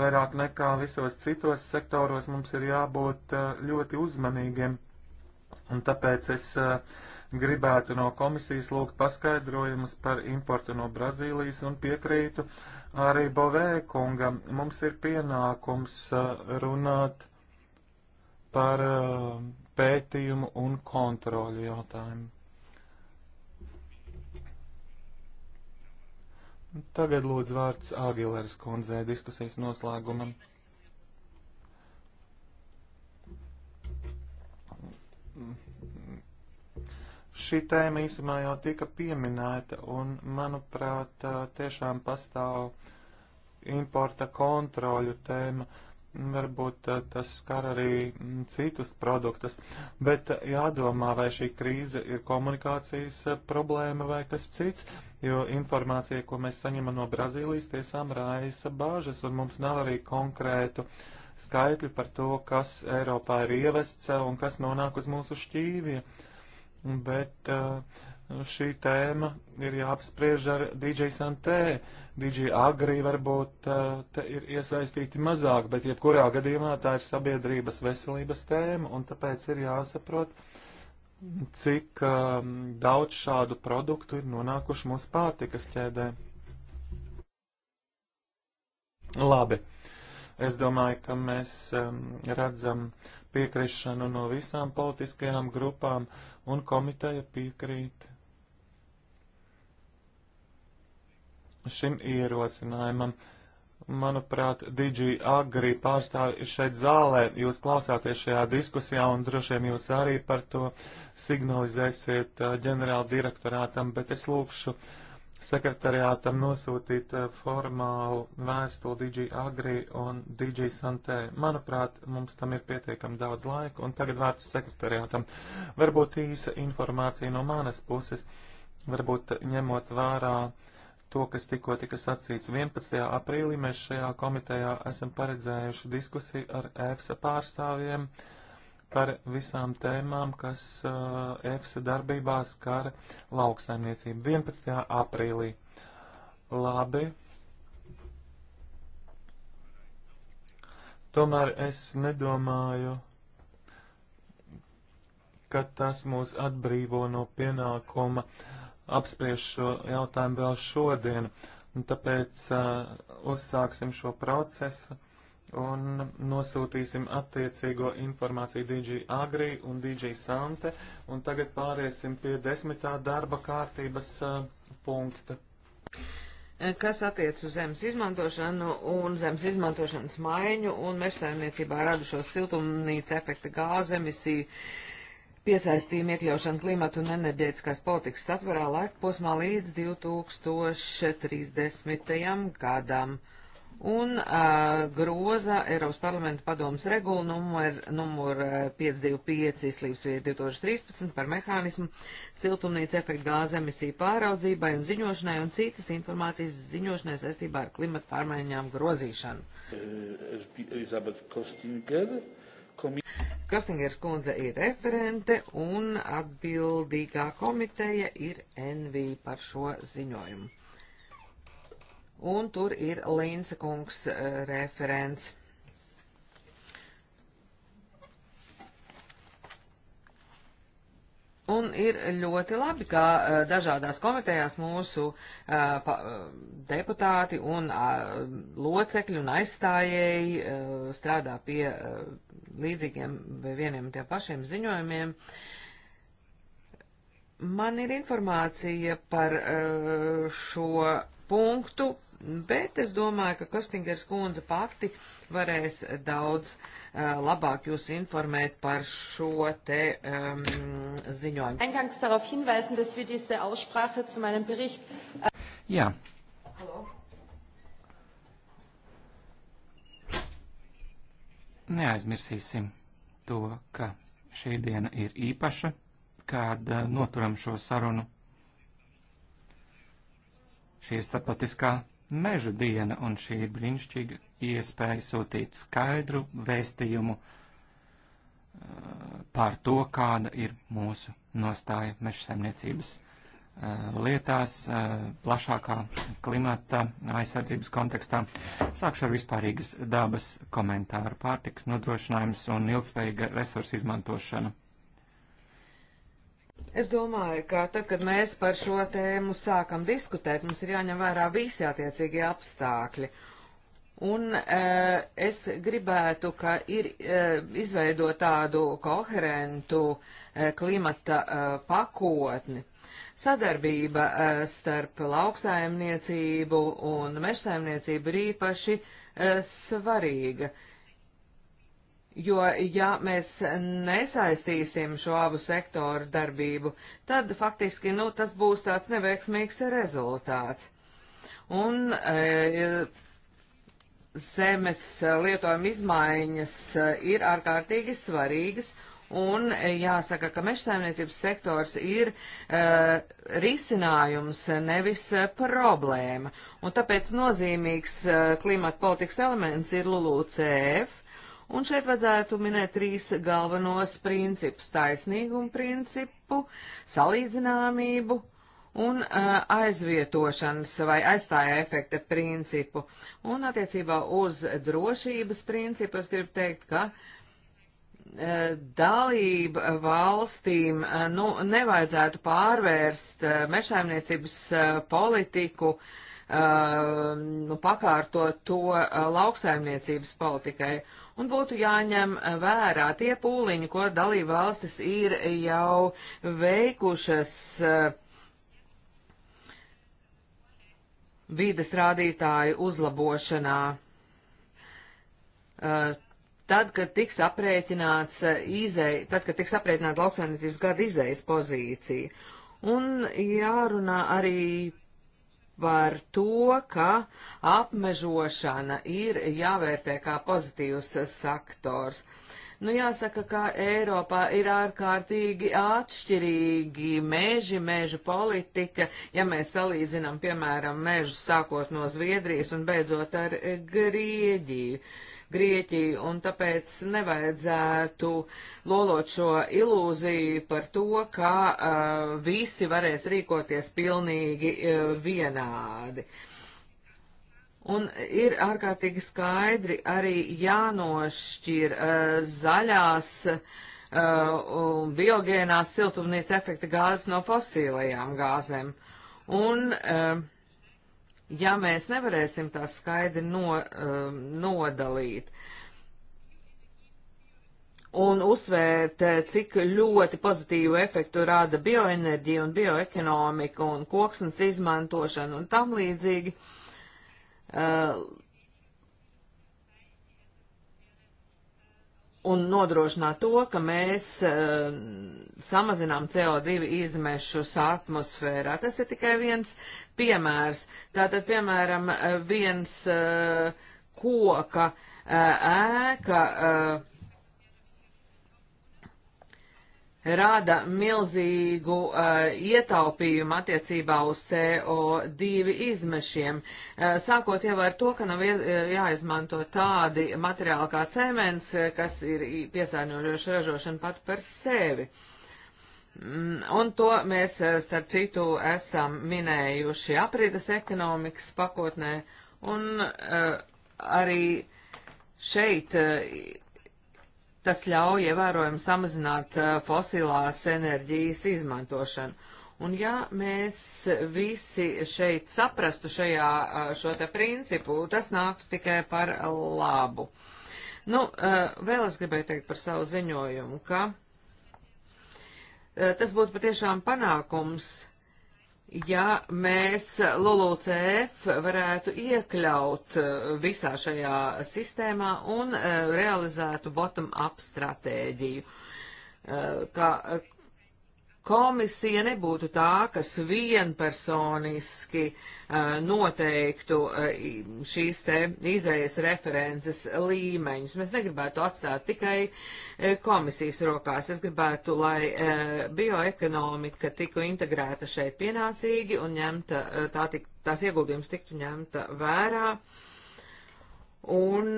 vairāk nekā visos citos sektoros mums ir jābūt eh, ļoti uzmanīgiem. Un tāpēc es gribētu no komisijas lūgt paskaidrojumus par importu no Brazīlijas un piekrītu arī Bovēkungam. Mums ir pienākums runāt par pētījumu un kontroli jautājumu. Tagad lūdzu vārds Āgilēras kundzē diskusijas noslēgumam. Šī tēma īsumā jau tika pieminēta un, manuprāt, tiešām pastāv importa kontroļu tēma. Varbūt uh, tas skar arī mm, citus produktus, bet uh, jādomā, vai šī krīze ir komunikācijas uh, problēma vai kas cits jo informācija, ko mēs saņemam no Brazīlijas tiesām, raisa bāžas, un mums nav arī konkrētu skaitļu par to, kas Eiropā ir ievests un kas nonāk uz mūsu šķīvja. Bet uh, šī tēma ir jāapspriež ar DJ Santē. DJ Agri varbūt uh, ir iesaistīti mazāk, bet jebkurā gadījumā tā ir sabiedrības veselības tēma, un tāpēc ir jāsaprot, cik uh, daudz šādu produktu ir nonākuši mūsu pārtikas ķēdē. Labi. Es domāju, ka mēs um, redzam piekrišanu no visām politiskajām grupām un komiteja piekrīt šim ierosinājumam. Uh, Manuprāt, Digi Agri pārstāvji šeit zālē, jūs klausāties šajā diskusijā un droši vien jūs arī par to signalizēsiet uh, ģenerāla direktorātam, bet es lūkšu sekretariātam nosūtīt uh, formālu vēstuli Digi Agri un Digi Santē. Manuprāt, mums tam ir pietiekami daudz laika un tagad vārds sekretariātam. Varbūt īsa informācija no manas puses, varbūt ņemot vērā uh, to, kas tikko tika sacīts. 11. aprīlī mēs šajā komitejā esam paredzējuši diskusiju ar EFSA pārstāvjiem par visām tēmām, kas uh, EFSA darbībā skara lauksaimniecību. 11. aprīlī. Labi. Tomēr es nedomāju, ka tas mūs atbrīvo no pienākuma uh, apspriež šo jautājumu vēl šodien. Un tāpēc uh, uzsāksim šo procesu un nosūtīsim attiecīgo informāciju DJ Agri un DJ Sante. Un tagad pāriesim pie desmitā darba kārtības uh, punkta. Eh, kas attiec uz zemes izmantošanu un zemes izmantošanas maiņu un mežsaimniecībā radušos siltumnīca efekta gāzu emisiju piesaistījumu iekļaušanu klimatu un enerģētiskās politikas satvarā laika posmā līdz 2030. gadam un uh, groza Eiropas parlamenta padomas regulu numur, numur 525 izslības vieta 2013 par mehānismu siltumnīca efekta gāzu emisiju pāraudzībai un ziņošanai un citas informācijas ziņošanai saistībā ar klimatu pārmaiņām grozīšanu. Elizabeth Kostinger. Kostingers kundze ir referente un atbildīgā komiteja ir NV par šo ziņojumu. Un tur ir Līnsa kungs uh, referents. Un ir ļoti labi, ka uh, dažādās komitejās mūsu uh, pa, deputāti un locekļi un aizstājēji strādā pie līdzīgiem vai vieniem tiem pašiem ziņojumiem. Man ir informācija par eh, šo punktu, bet es domāju, ka Kostingers kundze pati varēs daudz eh, labāk jūs informēt par šo te um, ziņojumu. Äh Jā. Hello. Neaizmirsīsim to, ka šī diena ir īpaša, kad eh, noturam šo sarunu. Šī ir starptautiskā meža diena, un šī ir brīnišķīga iespēja sūtīt skaidru vēstījumu eh, par to, kāda ir mūsu nostāja meža saimniecības Eh, lietās eh, plašākā klimata aizsardzības kontekstā. Sākšu ar vispārīgas dabas komentāru pārtiks nodrošinājums un ilgspējīga resursa izmantošana. Es domāju, ka tad, kad mēs par šo tēmu sākam diskutēt, mums ir jāņem vērā visi attiecīgie apstākļi. Un e, es gribētu, ka ir e, izveidot tādu koherentu e, klimata e, pakotni, Sadarbība eh, starp lauksaimniecību un mežsaimniecību ir īpaši eh, svarīga. Jo, ja mēs nesaistīsim šo abu sektoru darbību, tad faktiski nu, tas būs tāds neveiksmīgs rezultāts. Un e, zemes lietojuma izmaiņas ir ārkārtīgi svarīgas un e, jāsaka, ka mežsaimniecības sektors ir uh, risinājums, nevis uh, problēma. Un tāpēc nozīmīgs uh, klimata politikas elements ir LULUCF, un šeit vajadzētu minēt trīs galvenos principus - taisnīgumu principu, salīdzināmību un uh, aizvietošanas vai aizstāja efekta principu. Un attiecībā uz drošības principu es gribu teikt, ka uh, E, dalību valstīm e, nu, nevajadzētu pārvērst e, mežsaimniecības politiku, nu, pakārtot to lauksaimniecības politikai. Un būtu jāņem vērā tie pūliņi, ko dalību valstis ir jau veikušas vīdes rādītāju uzlabošanā tad, kad tiks aprēķināts eh, izēja, tad, kad tiks aprēķināta lauksaimniecības gada izējas pozīcija. Un jārunā arī par to, ka apmežošana ir jāvērtē kā pozitīvs sektors. Nu, jāsaka, ka Eiropā ir ārkārtīgi atšķirīgi meži, meža politika, ja mēs salīdzinām, piemēram, mežus sākot no Zviedrijas un beidzot ar Grieģiju. Uh, Grieķiju, un tāpēc nevajadzētu lolot šo ilūziju par to, ka uh, visi varēs rīkoties pilnīgi uh, vienādi. Un ir ārkārtīgi skaidri arī jānošķir uh, zaļās uh, un biogēnās siltumnīca efekta gāzes no fosīlajām gāzēm. Un uh, ja mēs nevarēsim tā skaidri no, um, nodalīt un uzsvērt, eh, cik ļoti pozitīvu efektu rada bioenerģija un bioekonomika un koksnes izmantošana un tam līdzīgi. Uh, un nodrošināt to, ka mēs uh, samazinām CO2 izmešus atmosfērā. Tas ir tikai viens piemērs. Tātad, piemēram, viens uh, koka uh, ēka. Uh, rada milzīgu uh, ietaupījumu attiecībā uz CO2 izmešiem, uh, sākot jau ar to, ka nav eh, jāizmanto tādi materiāli kā cements, kas ir piesārņojoši ražošana pat par sevi. Mm, un to mēs, starp citu, esam minējuši aprītas ekonomikas pakotnē, un uh, arī šeit uh, Tas ļauj ievērojami samazināt eh, fosilās enerģijas izmantošanu. Un ja mēs visi šeit saprastu šajā, eh, šo te principu, tas nāktu tikai par labu. Nu, eh, vēl es gribēju teikt par savu ziņojumu, ka tas būtu patiešām panākums ja mēs LULUCF varētu iekļaut uh, visā šajā sistēmā un uh, realizētu bottom-up stratēģiju, uh, kā, komisija nebūtu tā, kas vienpersoniski uh, noteiktu uh, šīs te izējas references līmeņus. Mēs negribētu atstāt tikai uh, komisijas rokās. Es gribētu, lai bioekonomika tiku integrēta šeit pienācīgi un ņemta, tā tik, tās ieguldījums tiktu ņemta vērā. Un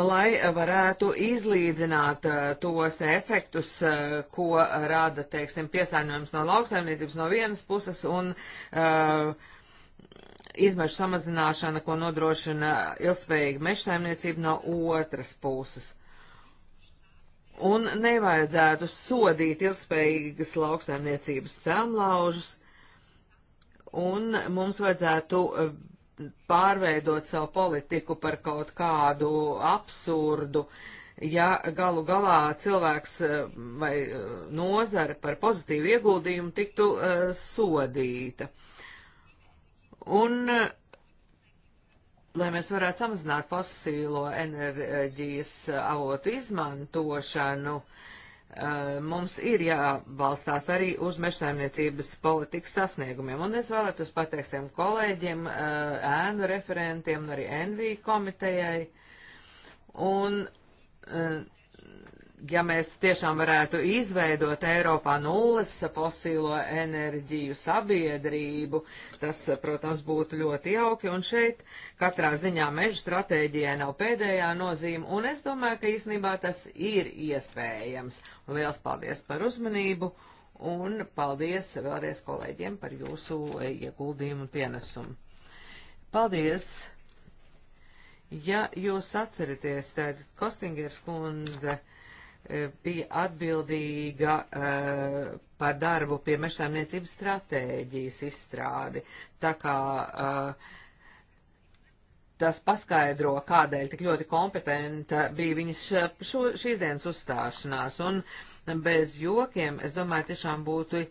lai varētu izlīdzināt uh, tos efektus, uh, ko rada, teiksim, piesārņojums no lauksaimniecības no vienas puses un uh, izmešu samazināšana, ko nodrošina ilgspējīga mežsaimniecība no otras puses. Un nevajadzētu sodīt ilgspējīgas lauksaimniecības cēlāužus, un mums vajadzētu pārveidot savu politiku par kaut kādu absurdu, ja galu galā cilvēks eh, vai eh, nozare par pozitīvu ieguldījumu tiktu uh, sodīta. Un, lai mēs varētu samazināt fosīlo enerģijas avotu izmantošanu, uh, mums ir jābalstās arī uz mežsaimniecības politikas sasniegumiem. Un es vēlētos pateikt saviem kolēģiem, ēnu referentiem un arī NV komitejai. Un ja mēs tiešām varētu izveidot Eiropā nulles fosīlo enerģiju sabiedrību, tas, protams, būtu ļoti jauki. Un šeit katrā ziņā meža stratēģijai nav pēdējā nozīme, un es domāju, ka īstenībā tas ir iespējams. Lielas paldies par uzmanību, un paldies vēlreiz kolēģiem par jūsu ieguldījumu un pienesumu. Paldies! Ja jūs atceraties, tad Kostingers kundze E, bija atbildīga uh, par darbu pie mežsaimniecības stratēģijas izstrādi. Tā kā uh, tas paskaidro, kādēļ tik ļoti kompetenta bija viņas šo, šīs dienas uzstāšanās. Un bez jokiem, es domāju, tiešām būtu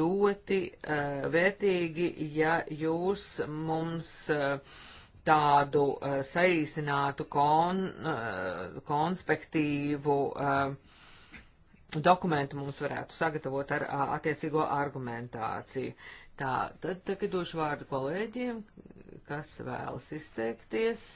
ļoti uh, vērtīgi, ja jūs mums uh, tādu uh, saīsinātu kon, uh, konspektīvu uh, dokumentu mums varētu sagatavot ar uh, attiecīgo argumentāciju. Tā, tad tagad došu vārdu kolēģiem, kas vēlas izteikties.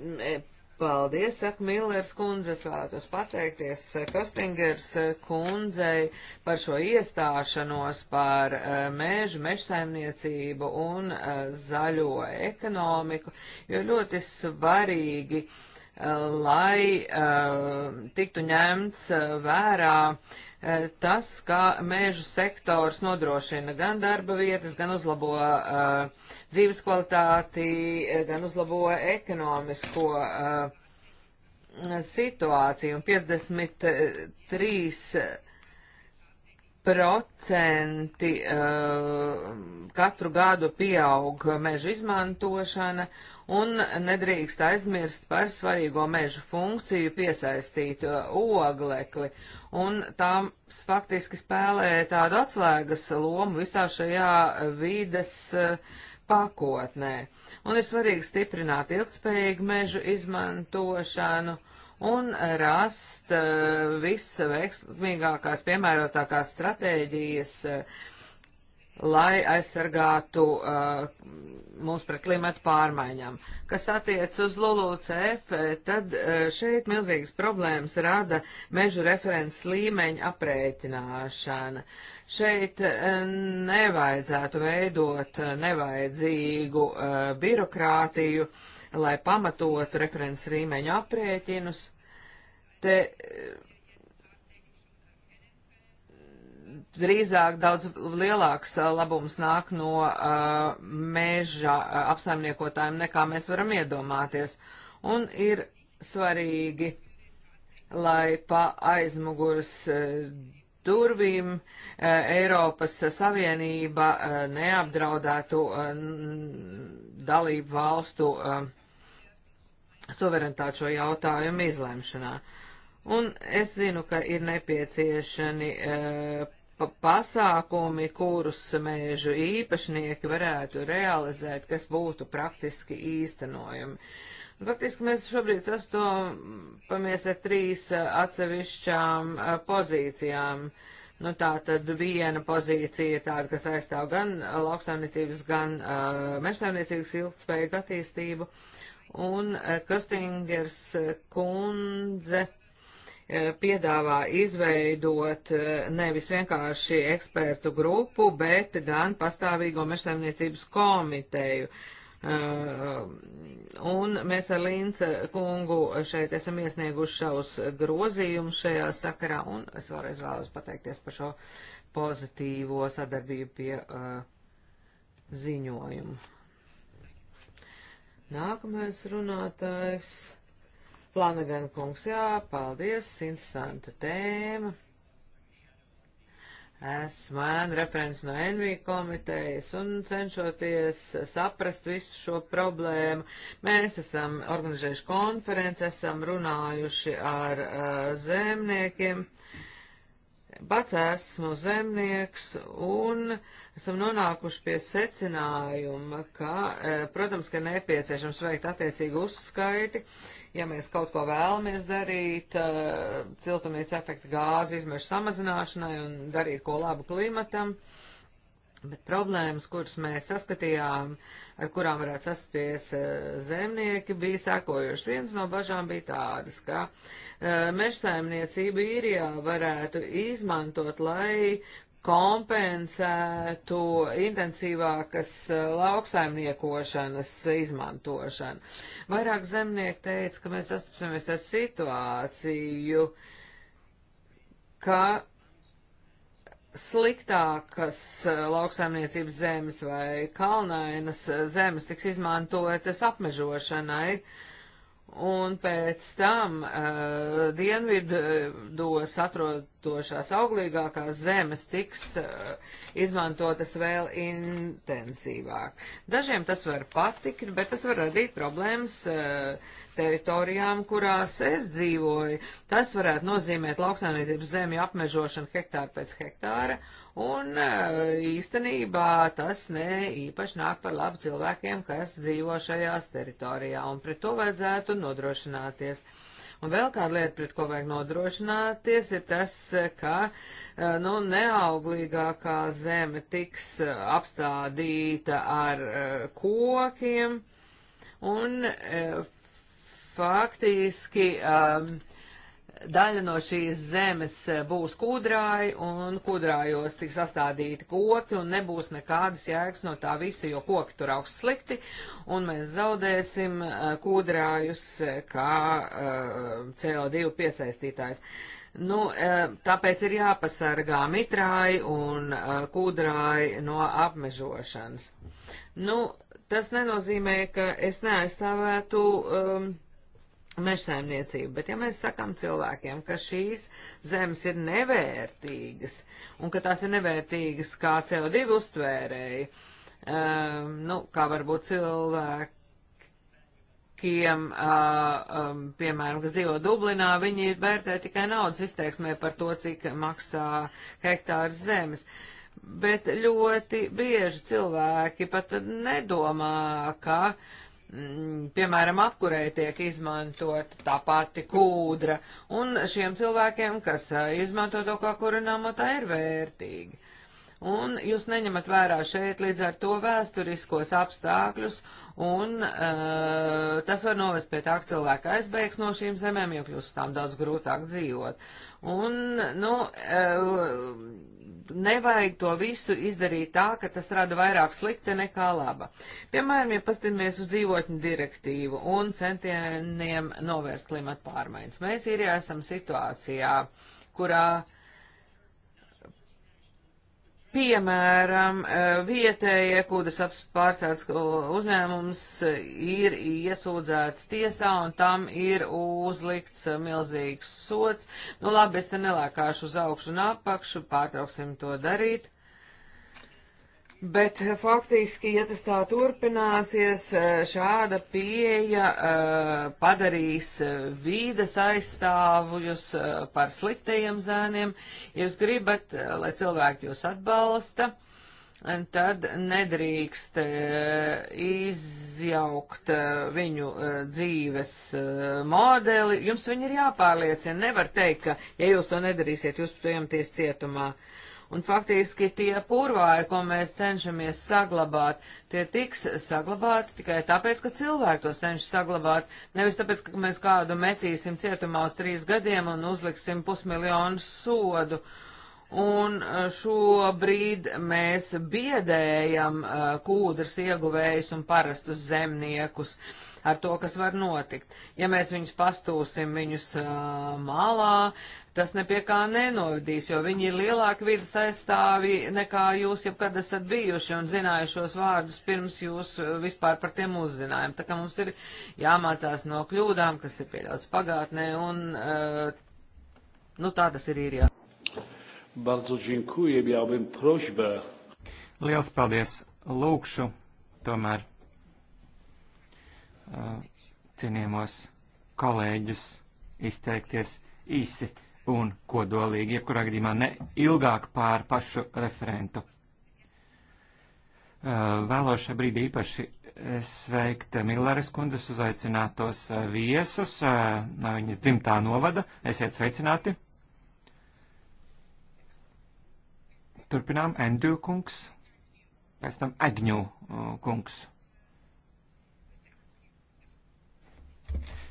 E, Paldies, saka Millers kundze, es vēlētos pateikties eh, Kostingers eh, kundzei par šo iestāšanos par eh, mēžu, mežsaimniecību un zaļo ekonomiku, jo ļoti svarīgi, lai tiktu ņemts vērā uh, Eh, tas, kā mēžu sektors nodrošina gan darba vietas, gan uzlabo uh, dzīves kvalitāti, eh, gan uzlabo ekonomisko uh, situāciju. Un 53 procenti uh, eh, katru gadu pieaug meža izmantošana un nedrīkst aizmirst par svarīgo meža funkciju piesaistīt uh, oglekli. Un tām faktiski spēlē tādu atslēgas lomu visā šajā vides uh, pakotnē. Un ir svarīgi stiprināt ilgspējīgu mežu izmantošanu. Uh, un rast uh, eh, visveiksmīgākās, piemērotākās stratēģijas, uh, lai aizsargātu uh, mūs pret klimatu pārmaiņām. Kas attiec uz LULUCF, tad šeit milzīgas problēmas rada mežu referents līmeņa aprēķināšana. Šeit nevajadzētu veidot nevajadzīgu birokrātiju, uh, lai pamatotu referents rīmeņu aprēķinus. Te eh, drīzāk daudz lielāks eh, labums nāk no uh, meža apsaimniekotājiem nekā mēs varam iedomāties. Un ir svarīgi, lai pa aizmugurs uh, durvīm uh, Eiropas Savienība neapdraudētu dalību valstu suverenitāti šo jautājumu izlemšanā. Un es zinu, ka ir nepieciešami e, pasākumi, kurus mēžu īpašnieki varētu realizēt, kas būtu praktiski īstenojumi. Faktiski mēs šobrīd sastopamies ar trīs eh, atsevišķām eh, pozīcijām. Nu, tā tad viena pozīcija tāda, kas aizstāv gan lauksaimniecības, gan uh, mežsaimniecības ilgtspējīgu attīstību. Uh, un eh, Kostingers eh, kundze eh, piedāvā izveidot nevis vienkārši ekspertu grupu, bet gan pastāvīgo mežsaimniecības komiteju. Un mēs ar Līnce kungu šeit esam iesnieguši savus grozījumus šajā sakarā, un es vēlreiz vēlos pateikties par šo pozitīvo sadarbību pie uh, ziņojumu. Nākamais runātājs. Flanagan kungs, jā, paldies, interesanta tēma. Esmu ēnu referents no NV komitejas un cenšoties saprast visu šo problēmu. Mēs esam organizējuši konferenci, esam runājuši ar uh, zemniekiem. Pats esmu zemnieks un uh, esam nonākuši pie secinājuma, ka, e, protams, ka nepieciešams veikt attiecīgu uzskaiti, ja mēs kaut ko vēlamies darīt, ciltumnīca e, efekta gāzu izmešu samazināšanai un darīt ko labu klimatam. Bet problēmas, kuras mēs saskatījām, ar kurām varētu saspies e, zemnieki, bija sekojušas. Viens no bažām bija tādas, ka mežsaimniecība īrijā varētu izmantot, lai kompensētu intensīvākas eh, lauksaimniekošanas izmantošanu. Vairāk zemnieki teica, ka mēs sastopamies ar situāciju, ka sliktākas eh, lauksaimniecības zemes vai kalnainas eh, zemes tiks izmantotas apmežošanai. Uh, un pēc tam uh, dienvidos atrodošās auglīgākās zemes tiks uh, izmantotas vēl intensīvāk. Dažiem tas var patikt, bet tas var radīt problēmas uh, teritorijām, kurās es dzīvoju. Tas varētu nozīmēt lauksaimniecības zemju apmežošanu hektāru pēc hektāra, un eh, īstenībā tas ne īpaši nāk par labu cilvēkiem, kas dzīvo šajās teritorijā, un pret to vajadzētu nodrošināties. Un vēl kāda lieta, pret ko vajag nodrošināties, ir tas, ka eh, nu, neauglīgākā zeme tiks eh, apstādīta ar kokiem. Un faktiski um, daļa no šīs zemes būs kūdrāji, un kūdrājos tiks sastādīti koki, un nebūs nekādas jēgas no tā visa, jo koki tur augs slikti, un mēs zaudēsim uh, kūdrājus kā uh, CO2 piesaistītājs. Nu, uh, tāpēc ir jāpasargā mitrāji un kūdrāji no apmežošanas. Nu, tas nenozīmē, ka es neaizstāvētu um, mežsaimniecību, bet ja mēs sakam cilvēkiem, ka šīs zemes ir nevērtīgas un ka tās ir nevērtīgas kā CO2 uztvērēji, um, nu, kā varbūt cilvēkiem, uh, um, piemēram, kas dzīvo Dublinā, viņi vērtē tikai naudas izteiksmē par to, cik maksā hektārs zemes. Bet ļoti bieži cilvēki pat nedomā, ka uh, Mm, piemēram, apkurei tiek izmantota tā pati kūdra, un šiem cilvēkiem, kas izmanto to kā kurināmo, tā ir vērtīga. Un jūs neņemat vērā šeit līdz ar to vēsturiskos apstākļus Un uh, tas var novest pie tā, ka cilvēki aizbēgs no šīm zemēm, jo kļūst tām daudz grūtāk dzīvot. Un, nu, uh, nevajag to visu izdarīt tā, ka tas rada vairāk slikta nekā laba. Piemēram, ja paskatāmies uz dzīvotņu direktīvu un centieniem novērst klimatu pārmaiņas, mēs ir jāsam situācijā, kurā uh, Piemēram, eh, vietējie kūdas apspārsēts uzņēmums eh, ir iesūdzēts tiesā un tam ir uzlikts eh, milzīgs sots. Nu labi, es te nelēkāšu uz augšu un apakšu, pārtrauksim to darīt. Bet faktiski, ja tas tā turpināsies, eh, šāda pieeja eh, padarīs eh, vīdes aizstāvjus par sliktajiem zēniem. Ja jūs gribat, lai cilvēki jūs atbalsta, tad nedrīkst izjaukt viņu dzīves modeli. Jums viņi ir jāpārliecina. Nevar teikt, ka, ja jūs to nedarīsiet, jūs patojamties cietumā. Uh, Un faktiski tie purvāji, ko mēs cenšamies saglabāt, tie tiks saglabāti tikai tāpēc, ka cilvēki to cenšas saglabāt, nevis tāpēc, ka mēs kādu metīsim cietumā uz trīs gadiem un uzliksim pusmiljonu sodu. Un eh, šobrīd mēs biedējam eh, kūdras ieguvējus un parastus zemniekus ar to, kas var notikt. Ja mēs viņus pastūsim viņus uh, malā, tas nepie kā nenovedīs, jo viņi ir lielāki vidas aizstāvi nekā jūs jebkad esat bijuši un zinājušos vārdus pirms jūs uh, vispār par tiem uzzinājām. Tā kā mums ir jāmācās no kļūdām, kas ir pieļauts pagātnē, un uh, nu, tā tas ir īrijā. Bardzo dziękuję, miałbym prośbę. Liels paldies, lūkšu tomēr uh, cienījamos kolēģus izteikties īsi un kodolīgi, jebkurā gadījumā ne ilgāk pār pašu referentu. Uh, vēlos šajā brīdī īpaši uh, sveikt Milleres kundzes uzaicinātos uh, viesus no viņas dzimtā novada. Esiet sveicināti! Turpinām Andrew kungs, pēc tam Agnew kungs.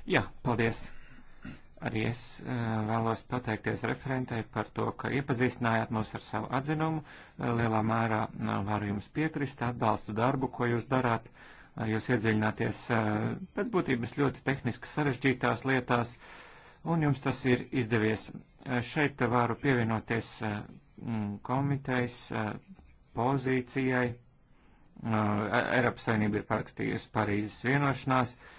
Jā, paldies! Arī es eh, vēlos pateikties referentei par to, ka iepazīstinājāt mūs ar savu atzinumu. Eh, lielā mērā eh, varu jums piekrist, atbalstu darbu, ko jūs darāt. Jūs iedziļināties pēc būtības ļoti tehniski sarežģītās lietās, un jums tas ir izdevies. Šeit varu pievienoties komitejas pozīcijai. E, Eiropas Savienība ir parakstījusi Parīzes vienošanās. Uh,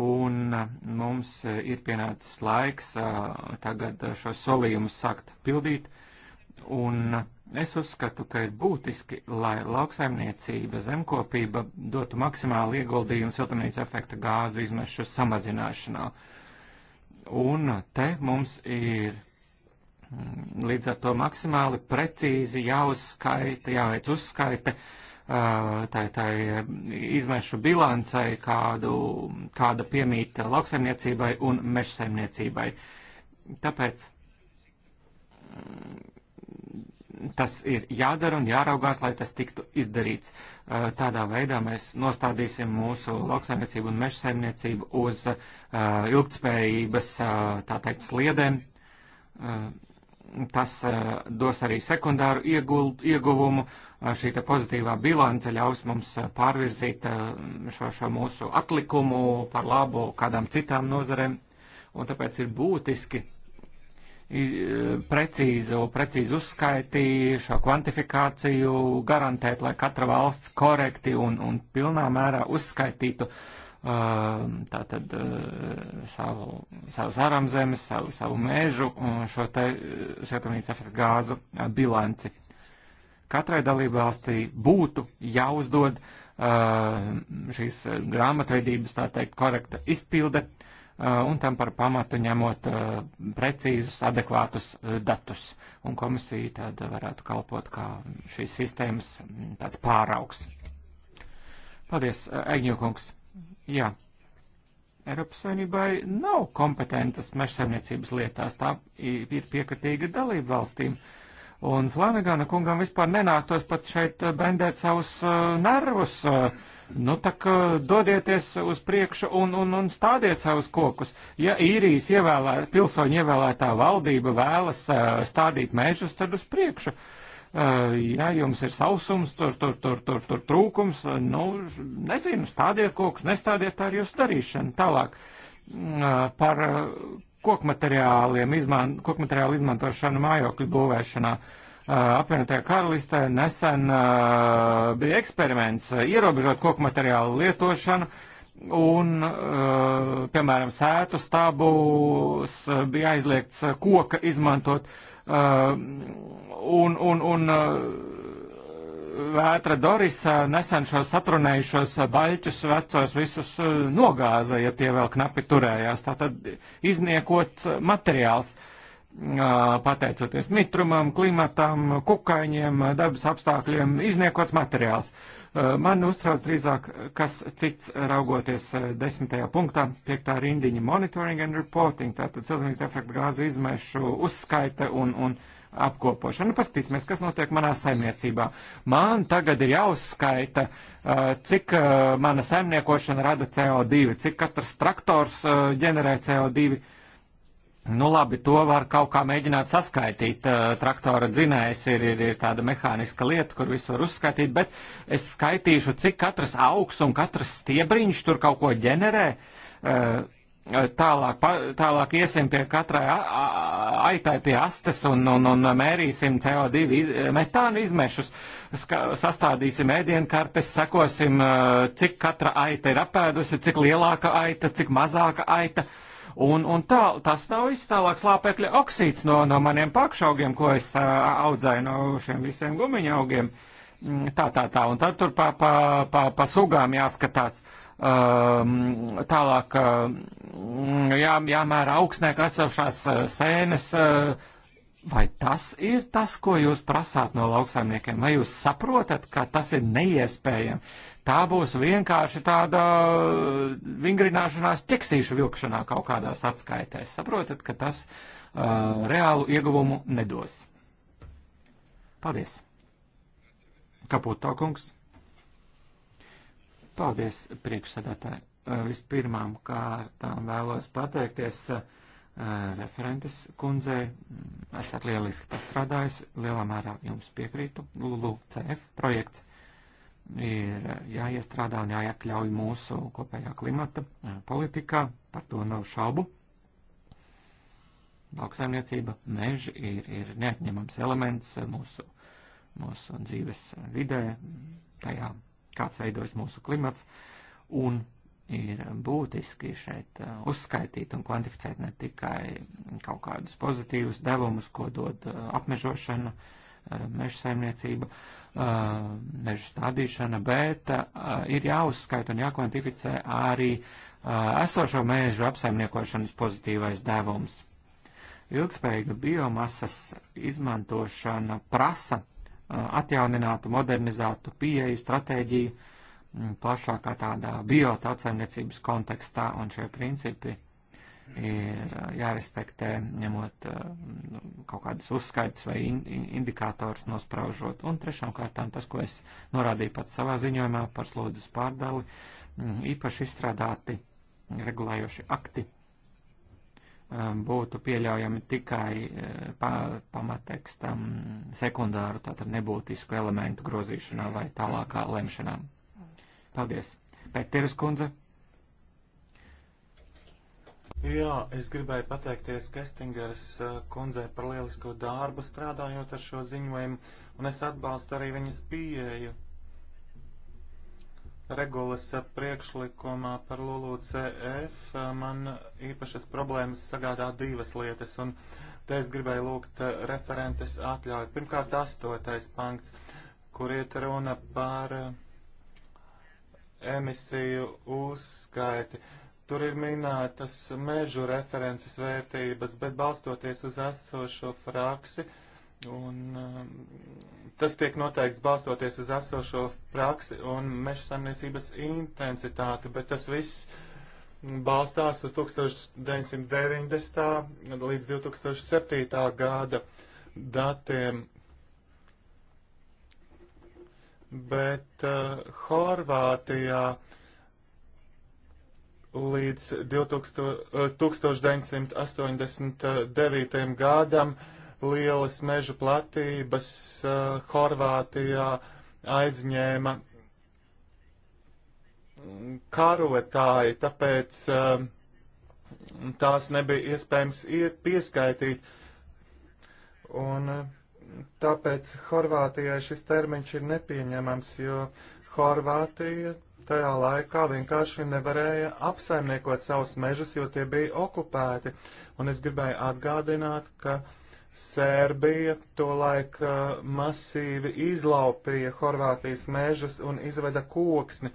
un uh, mums uh, ir pienācis laiks uh, tagad šos solījumus sākt pildīt. Un es uzskatu, ka ir būtiski, lai lauksaimniecība, zemkopība dotu maksimāli ieguldījumu siltumnīca efekta gāzu izmešu samazināšanā. Un te mums ir mm, līdz ar to maksimāli precīzi jāuzskaita, jāveic uzskaita, uh, tai, tai izmešu bilancei, kādu, kāda piemīta lauksaimniecībai un mežsaimniecībai. Tāpēc mm, tas ir jādara un jāraugās, lai tas tiktu izdarīts. Tādā veidā mēs nostādīsim mūsu lauksaimniecību un mežsaimniecību uz ilgtspējības, tā teikt, sliedēm. Tas eh, dos arī sekundāru ieguvumu. Eh, šī pozitīvā bilance ļaus mums eh, pārvirzīt šo, šo mūsu atlikumu par labu kādām citām nozarēm. Un tāpēc ir būtiski precīzu, precīzu uzskaiti, šo kvantifikāciju garantēt, lai katra valsts korekti un, un pilnā mērā uzskaitītu uh, tātad savu, savu zaramzemes, savu, savu mēžu un šo te siltumnīca efekta gāzu bilanci. Katrai dalībvalstī būtu jāuzdod šīs grāmatvedības, tā teikt, korekta izpilde un tam par pamatu ņemot precīzus, adekvātus datus. Un komisija tad varētu kalpot kā šīs sistēmas tāds pāraugs. Paldies, Egņokungs! Jā. Eiropas Savienībai nav kompetentas mežsaimniecības lietās, tā ir piekritīga dalība valstīm. Un Flanagana kungam vispār nenāktos pat šeit uh, bendēt savus uh, nervus. Uh, nu, tā kā uh, dodieties uz priekšu un, un, un stādiet savus kokus. Ja īrijas ievēlē, pilsoņu ievēlētā valdība vēlas uh, stādīt mežus, tad uz priekšu. Uh, ja jums ir sausums, tur, tur, tur, tur, tur trūkums, nu, nezinu, stādiet kokus, nestādiet, tā ir jūsu darīšana. Tālāk par kokmateriāliem, izman, kokmateriālu izmantošanu mājokļu būvēšanā. Apvienotajā karalistē nesen bija eksperiments ierobežot kokmateriālu lietošanu. Un, piemēram, sētu stabus bija aizliegts koka izmantot, Uh, un, un, un uh, vētra Doris uh, nesen šos satrunējušos baļķus vecos visus nogāza, ja tie vēl knapi turējās. Tātad izniekots materiāls pateicoties mitrumam, klimatam, kukaiņiem, dabas apstākļiem, izniekots materiāls. Uh, Eh, Man uztrauc drīzāk, kas cits eh, raugoties eh, desmitajā punktā, piektā rindiņa monitoring and reporting, tātad cilvēks efektu gāzu izmešu uzskaita un, un apkopošana. Nu, paskatīsimies, kas notiek manā saimniecībā. Man tagad ir jāuzskaita, cik mana saimniekošana rada CO2, cik katrs traktors ģenerē CO2 Nu labi, to var kaut kā mēģināt saskaitīt. Eh, traktora dzinējs ir, ir, ir tāda mehāniska lieta, kur visu var uzskaitīt, bet es skaitīšu, cik katrs augs un katrs stiebriņš tur kaut ko ģenerē. Eh, tālāk, tālāk iesim pie katrai aitai pie astes un, un, un mērīsim CO2 iz, metāna izmešus, ska, sastādīsim ēdienkartes, sekosim, eh, cik katra aita ir apēdusi, cik lielāka aita, cik mazāka aita. Uh, Un, un tā, tas nav viss tālāk slāpekļa oksīds no, no maniem pakšaugiem, ko es uh, audzēju no šiem visiem gumiņa augiem. Mm, tā, tā, tā. Un tad tur pa, pa, pa, pa sugām jāskatās. Um, tālāk um, jā, jāmēra augsnē, kad atsevišķās uh, sēnes. Uh, vai tas ir tas, ko jūs prasāt no lauksaimniekiem? Vai jūs saprotat, ka tas ir neiespējami? tā būs vienkārši tāda uh, vingrināšanās, ķeksīšu vilkšanā kaut kādās atskaitēs. Saprotat, ka tas uh, reālu ieguvumu nedos. Paldies! Kaputo kungs! Paldies, priekšsēdētāji! Uh, vispirmām kārtām vēlos pateikties uh, referentes kundzei. Mm, esat lieliski pastrādājusi, lielā mērā jums piekrītu. Lulu CF projekts ir jāiestrādā un jāiekļauj mūsu kopējā klimata eh, politikā, par to nav šaubu. Lauksaimniecība, meži ir, ir neatņemams elements eh, mūsu, mūsu dzīves vidē, tajā kāds veidojas mūsu klimats, un ir būtiski šeit eh, uzskaitīt un kvantificēt ne tikai kaut kādus pozitīvus devumus, ko dod apmežošana, uh, Uh, meža saimniecība, uh, meža stādīšana, bet uh, ir jāuzskaita un jākvantificē arī esošo mēžu apsaimniekošanas pozitīvais devums. Ilgspējīga biomasas izmantošana prasa atjauninātu, modernizētu pieeju, stratēģiju mm, plašākā tādā biota atsaimniecības kontekstā, un šie principi ir jārespektē, ņemot nu, kaut kādas uzskaitas vai in, in, indikātors nospraužot. Un trešām kārtām tas, ko es norādīju pats savā ziņojumā par slodzes pārdali, īpaši izstrādāti regulējoši akti būtu pieļaujami tikai pa, pamatekstam sekundāru, tātad nebūtisku elementu grozīšanā vai tālākā lemšanā. Paldies. Pēteris Kundze. Jā, es gribēju pateikties Kestingers uh, kundzei par lielisko darbu strādājot ar šo ziņojumu, un es atbalstu arī viņas pieeju. Regulas uh, priekšlikumā par LULUCF uh, man īpašas problēmas sagādā divas lietas, un te es gribēju lūgt referentes atļauju. Pirmkārt, astotais punkts, kur iet runa par emisiju uzskaiti. Uh, Tur ir minētas mežu references vērtības, bet balstoties uz esošo praksi, un um, tas tiek noteikts balstoties uz esošo praksi un mežu saimniecības intensitāti, bet tas viss balstās uz 1990. līdz 2007. gada datiem. Bet uh, Horvātijā uh, līdz 2000, 1989. Eh, gadam lielas meža platības uh, Horvātijā aizņēma karotāji, tāpēc uh, tās nebija iespējams iet, pieskaitīt. Un uh, tāpēc Horvātijai šis termiņš ir nepieņemams, jo Horvātija tajā laikā vienkārši nevarēja apsaimniekot savus mežus, jo tie bija okupēti. Un es gribēju atgādināt, ka Sērbija tolaik uh, masīvi izlaupīja Horvātijas mežus un izveda koksni,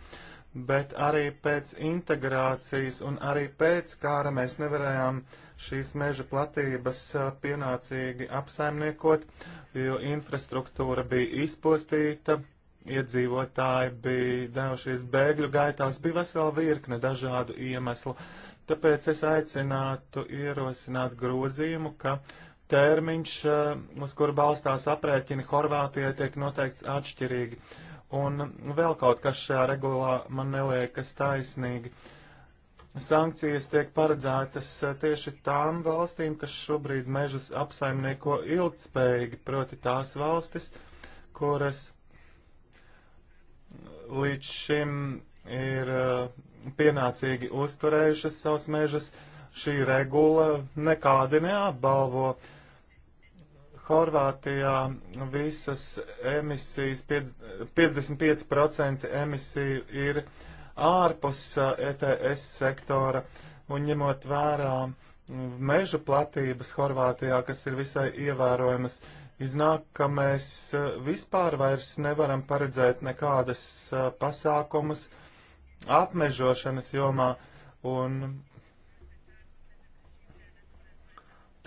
bet arī pēc integrācijas un arī pēc kāra mēs nevarējām šīs meža platības uh, pienācīgi apsaimniekot, jo infrastruktūra bija izpostīta iedzīvotāji bija devušies bēgļu gaitās, bija vesela virkne dažādu iemeslu. Tāpēc es aicinātu ierosināt grozījumu, ka termiņš, eh, uz kuru balstās aprēķini Horvātijai, tiek noteikts atšķirīgi. Un vēl kaut kas šajā regulā man neliekas taisnīgi. Sankcijas tiek paredzētas eh, tieši tām valstīm, kas šobrīd mežus apsaimnieko ilgtspējīgi, proti tās valstis, kuras līdz šim ir uh, pienācīgi uzturējušas savus mežus, šī regula nekādi neapbalvo. Horvātijā visas emisijas, 55% emisiju ir ārpus uh, ETS sektora, un ņemot vērā meža platības Horvātijā, kas ir visai ievērojamas, uh, Iznāk, ka mēs e, vispār vairs nevaram paredzēt nekādas e, pasākumus apmežošanas jomā, un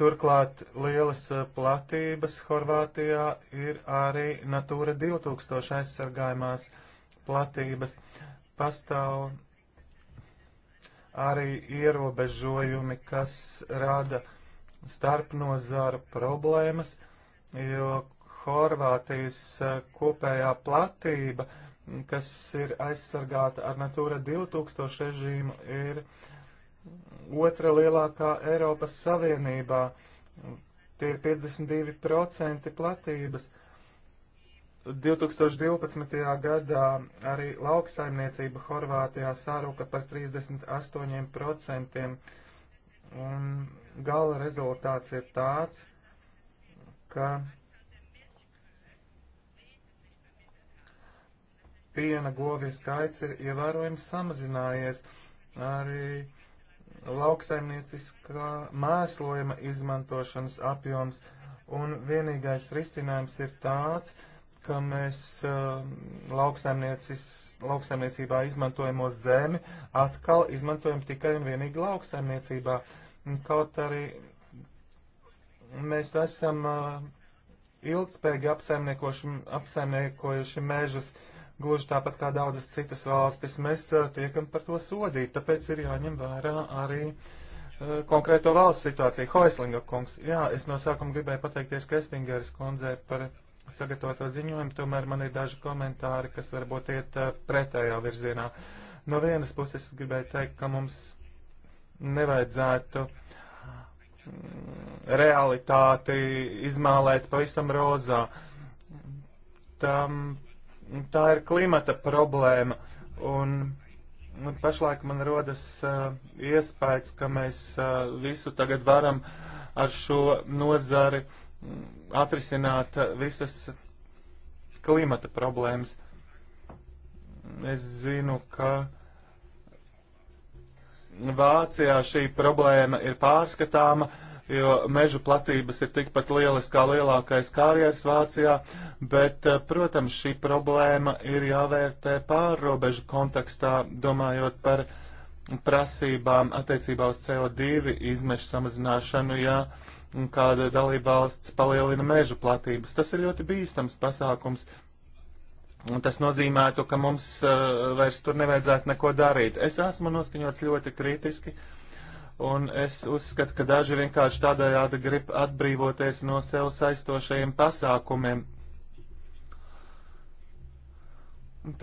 turklāt lielas e, platības Horvātijā ir arī Natūra 2000 aizsargājumās platības. Pastāv arī ierobežojumi, kas rada starpnozāru problēmas jo Horvātijas eh, kopējā platība, kas ir aizsargāta ar Natūra 2000 režīmu, ir otra lielākā Eiropas Savienībā. Tie ir 52% platības. 2012. gadā arī lauksaimniecība Horvātijā sāruka par 38%, un gala rezultāts ir tāds, ka piena govju skaits ir ievērojami samazinājies. Arī lauksaimnieciskā mēslojuma izmantošanas apjoms. Un vienīgais risinājums ir tāds, ka mēs uh, lauksaimniecībā izmantojamo zemi atkal izmantojam tikai un vienīgi lauksaimniecībā. Kaut arī mēs esam ilgspējīgi apsaimniekojuši mežus, gluži tāpat kā daudzas citas valstis. Mēs tiekam par to sodīt, tāpēc ir jāņem vērā arī konkrēto valsts situāciju. Hoislinga kungs, jā, es no sākuma gribēju pateikties Kestingeris kundzē par sagatavoto ziņojumu, tomēr man ir daži komentāri, kas varbūt iet pretējā virzienā. No vienas puses gribēju teikt, ka mums nevajadzētu uh, realitāti izmēlēt pavisam rozā. Tam, tā ir klimata problēma. Un, un pašlaik man rodas uh, iespējas, ka mēs uh, visu tagad varam ar šo nozari mm, atrisināt uh, visas klimata problēmas. Es zinu, ka uh, Vācijā šī problēma ir pārskatāma, jo mežu platības ir tikpat lielas kā lielākais kārjers Vācijā, bet, eh, protams, šī problēma ir jāvērtē pārrobežu kontekstā, domājot par prasībām attiecībā uz CO2 izmešu samazināšanu, ja kāda dalība valsts palielina mežu platības. Tas ir ļoti bīstams pasākums Un tas nozīmētu, ka mums uh, vairs tur nevajadzētu neko darīt. Es esmu noskaņots ļoti kritiski, un es uzskatu, ka daži vienkārši tādējādi grib atbrīvoties no sev saistošajiem pasākumiem.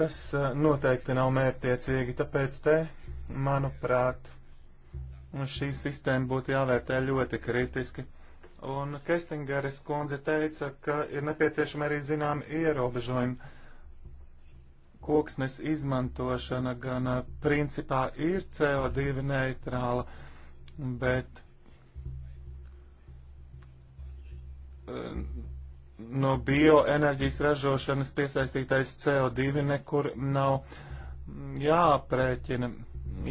Tas uh, noteikti nav mērtiecīgi, tāpēc te, manuprāt, šī sistēma būtu jāvērtē ļoti kritiski. Un Kestingeres kundze teica, ka ir nepieciešama arī zinām ierobežojumi koksnes izmantošana gan principā ir CO2 neitrāla, bet no bioenerģijas ražošanas piesaistītais CO2 nekur nav jāprēķina,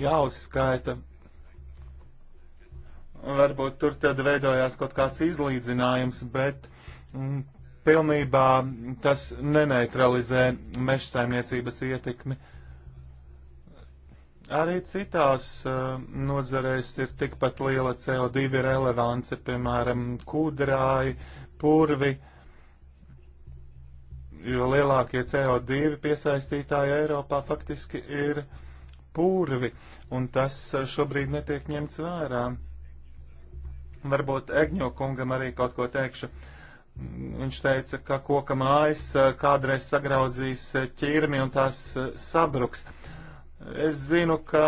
jāuzskaita. Varbūt tur tad veidojās kaut kāds izlīdzinājums, bet mm, pilnībā tas neneutralizē meža saimniecības ietekmi. Arī citās uh, nozarēs ir tikpat liela CO2 relevance, piemēram, kūdrāji, purvi, jo lielākie CO2 piesaistītāji Eiropā faktiski ir purvi, un tas uh, šobrīd netiek ņemts vērā. Varbūt Egņokungam arī kaut ko teikšu. Uh, Viņš teica, ka koka mājas eh, kādreiz sagrauzīs eh, ķirmi un tās eh, sabruks. Es zinu, ka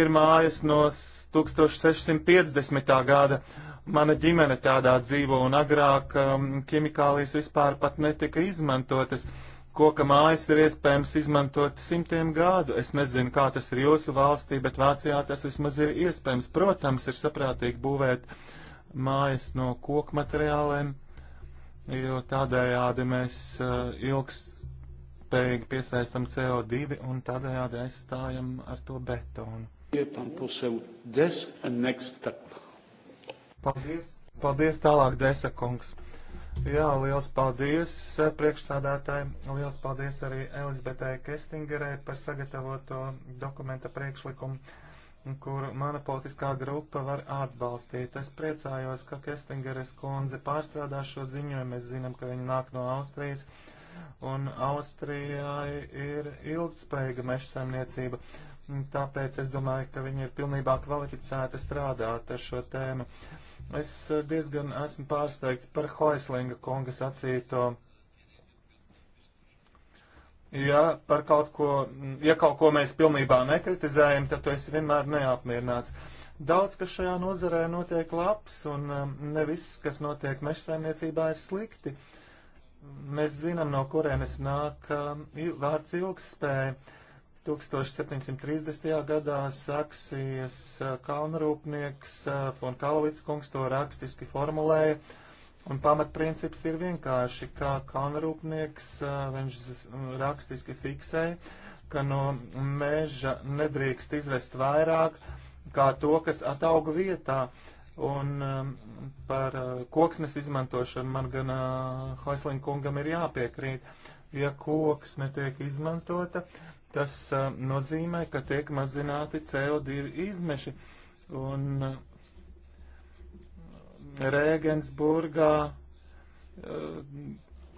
ir mājas no 1650. gada. Mana ģimene tādā dzīvo un agrāk um, ķimikālijas vispār pat netika izmantotas. Koka mājas ir iespējams izmantot simtiem gadu. Es nezinu, kā tas ir jūsu valstī, bet Vācijā tas vismaz ir iespējams. Protams, ir saprātīgi būvēt uh, mājas no koku materiāliem, jo tādējādi mēs eh, ilgspējīgi piesaistam CO2 un tādējādi aizstājam ar to betonu. Paldies, paldies tālāk, Desa kungs. Jā, liels paldies eh, priekšsādātājiem. Liels paldies arī Elizabetei Kestingerei par sagatavoto dokumenta priekšlikumu kuru mana politiskā grupa var atbalstīt. Es priecājos, ka Kestingeres kundze pārstrādā šo ziņojumu. Mēs zinām, ka viņa nāk no Austrijas, un Austrijai ir ilgspējīga meža saimniecība. Tāpēc es domāju, ka viņa ir pilnībā kvalificēta strādāt ar šo tēmu. Es diezgan esmu pārsteigts par Hoislinga kunga sacīto Ja, par kaut ko, ja kaut ko mēs pilnībā nekritizējam, tad tu esi vienmēr neapmierināts. Daudz, kas šajā nozarē notiek labs, un um, ne viss, kas notiek meža saimniecībā, ir slikti. Mēs zinām, no kurienes nāk um, vārds ilgspēja. 1730. gadā Saksijas uh, kalnrūpnieks Fonkalvits uh, kungs to rakstiski formulēja Un pamatprincips ir vienkārši, kā kalnrūpnieks, viņš rakstiski fiksē, ka no meža nedrīkst izvest vairāk kā to, kas atauga vietā. Un um, par uh, koksnes izmantošanu man gan uh, Hoislinga kungam ir jāpiekrīt. Ja koks netiek izmantota, tas uh, nozīmē, ka tiek mazināti CO2 izmeši. Un uh, Rēgensburgā, eh,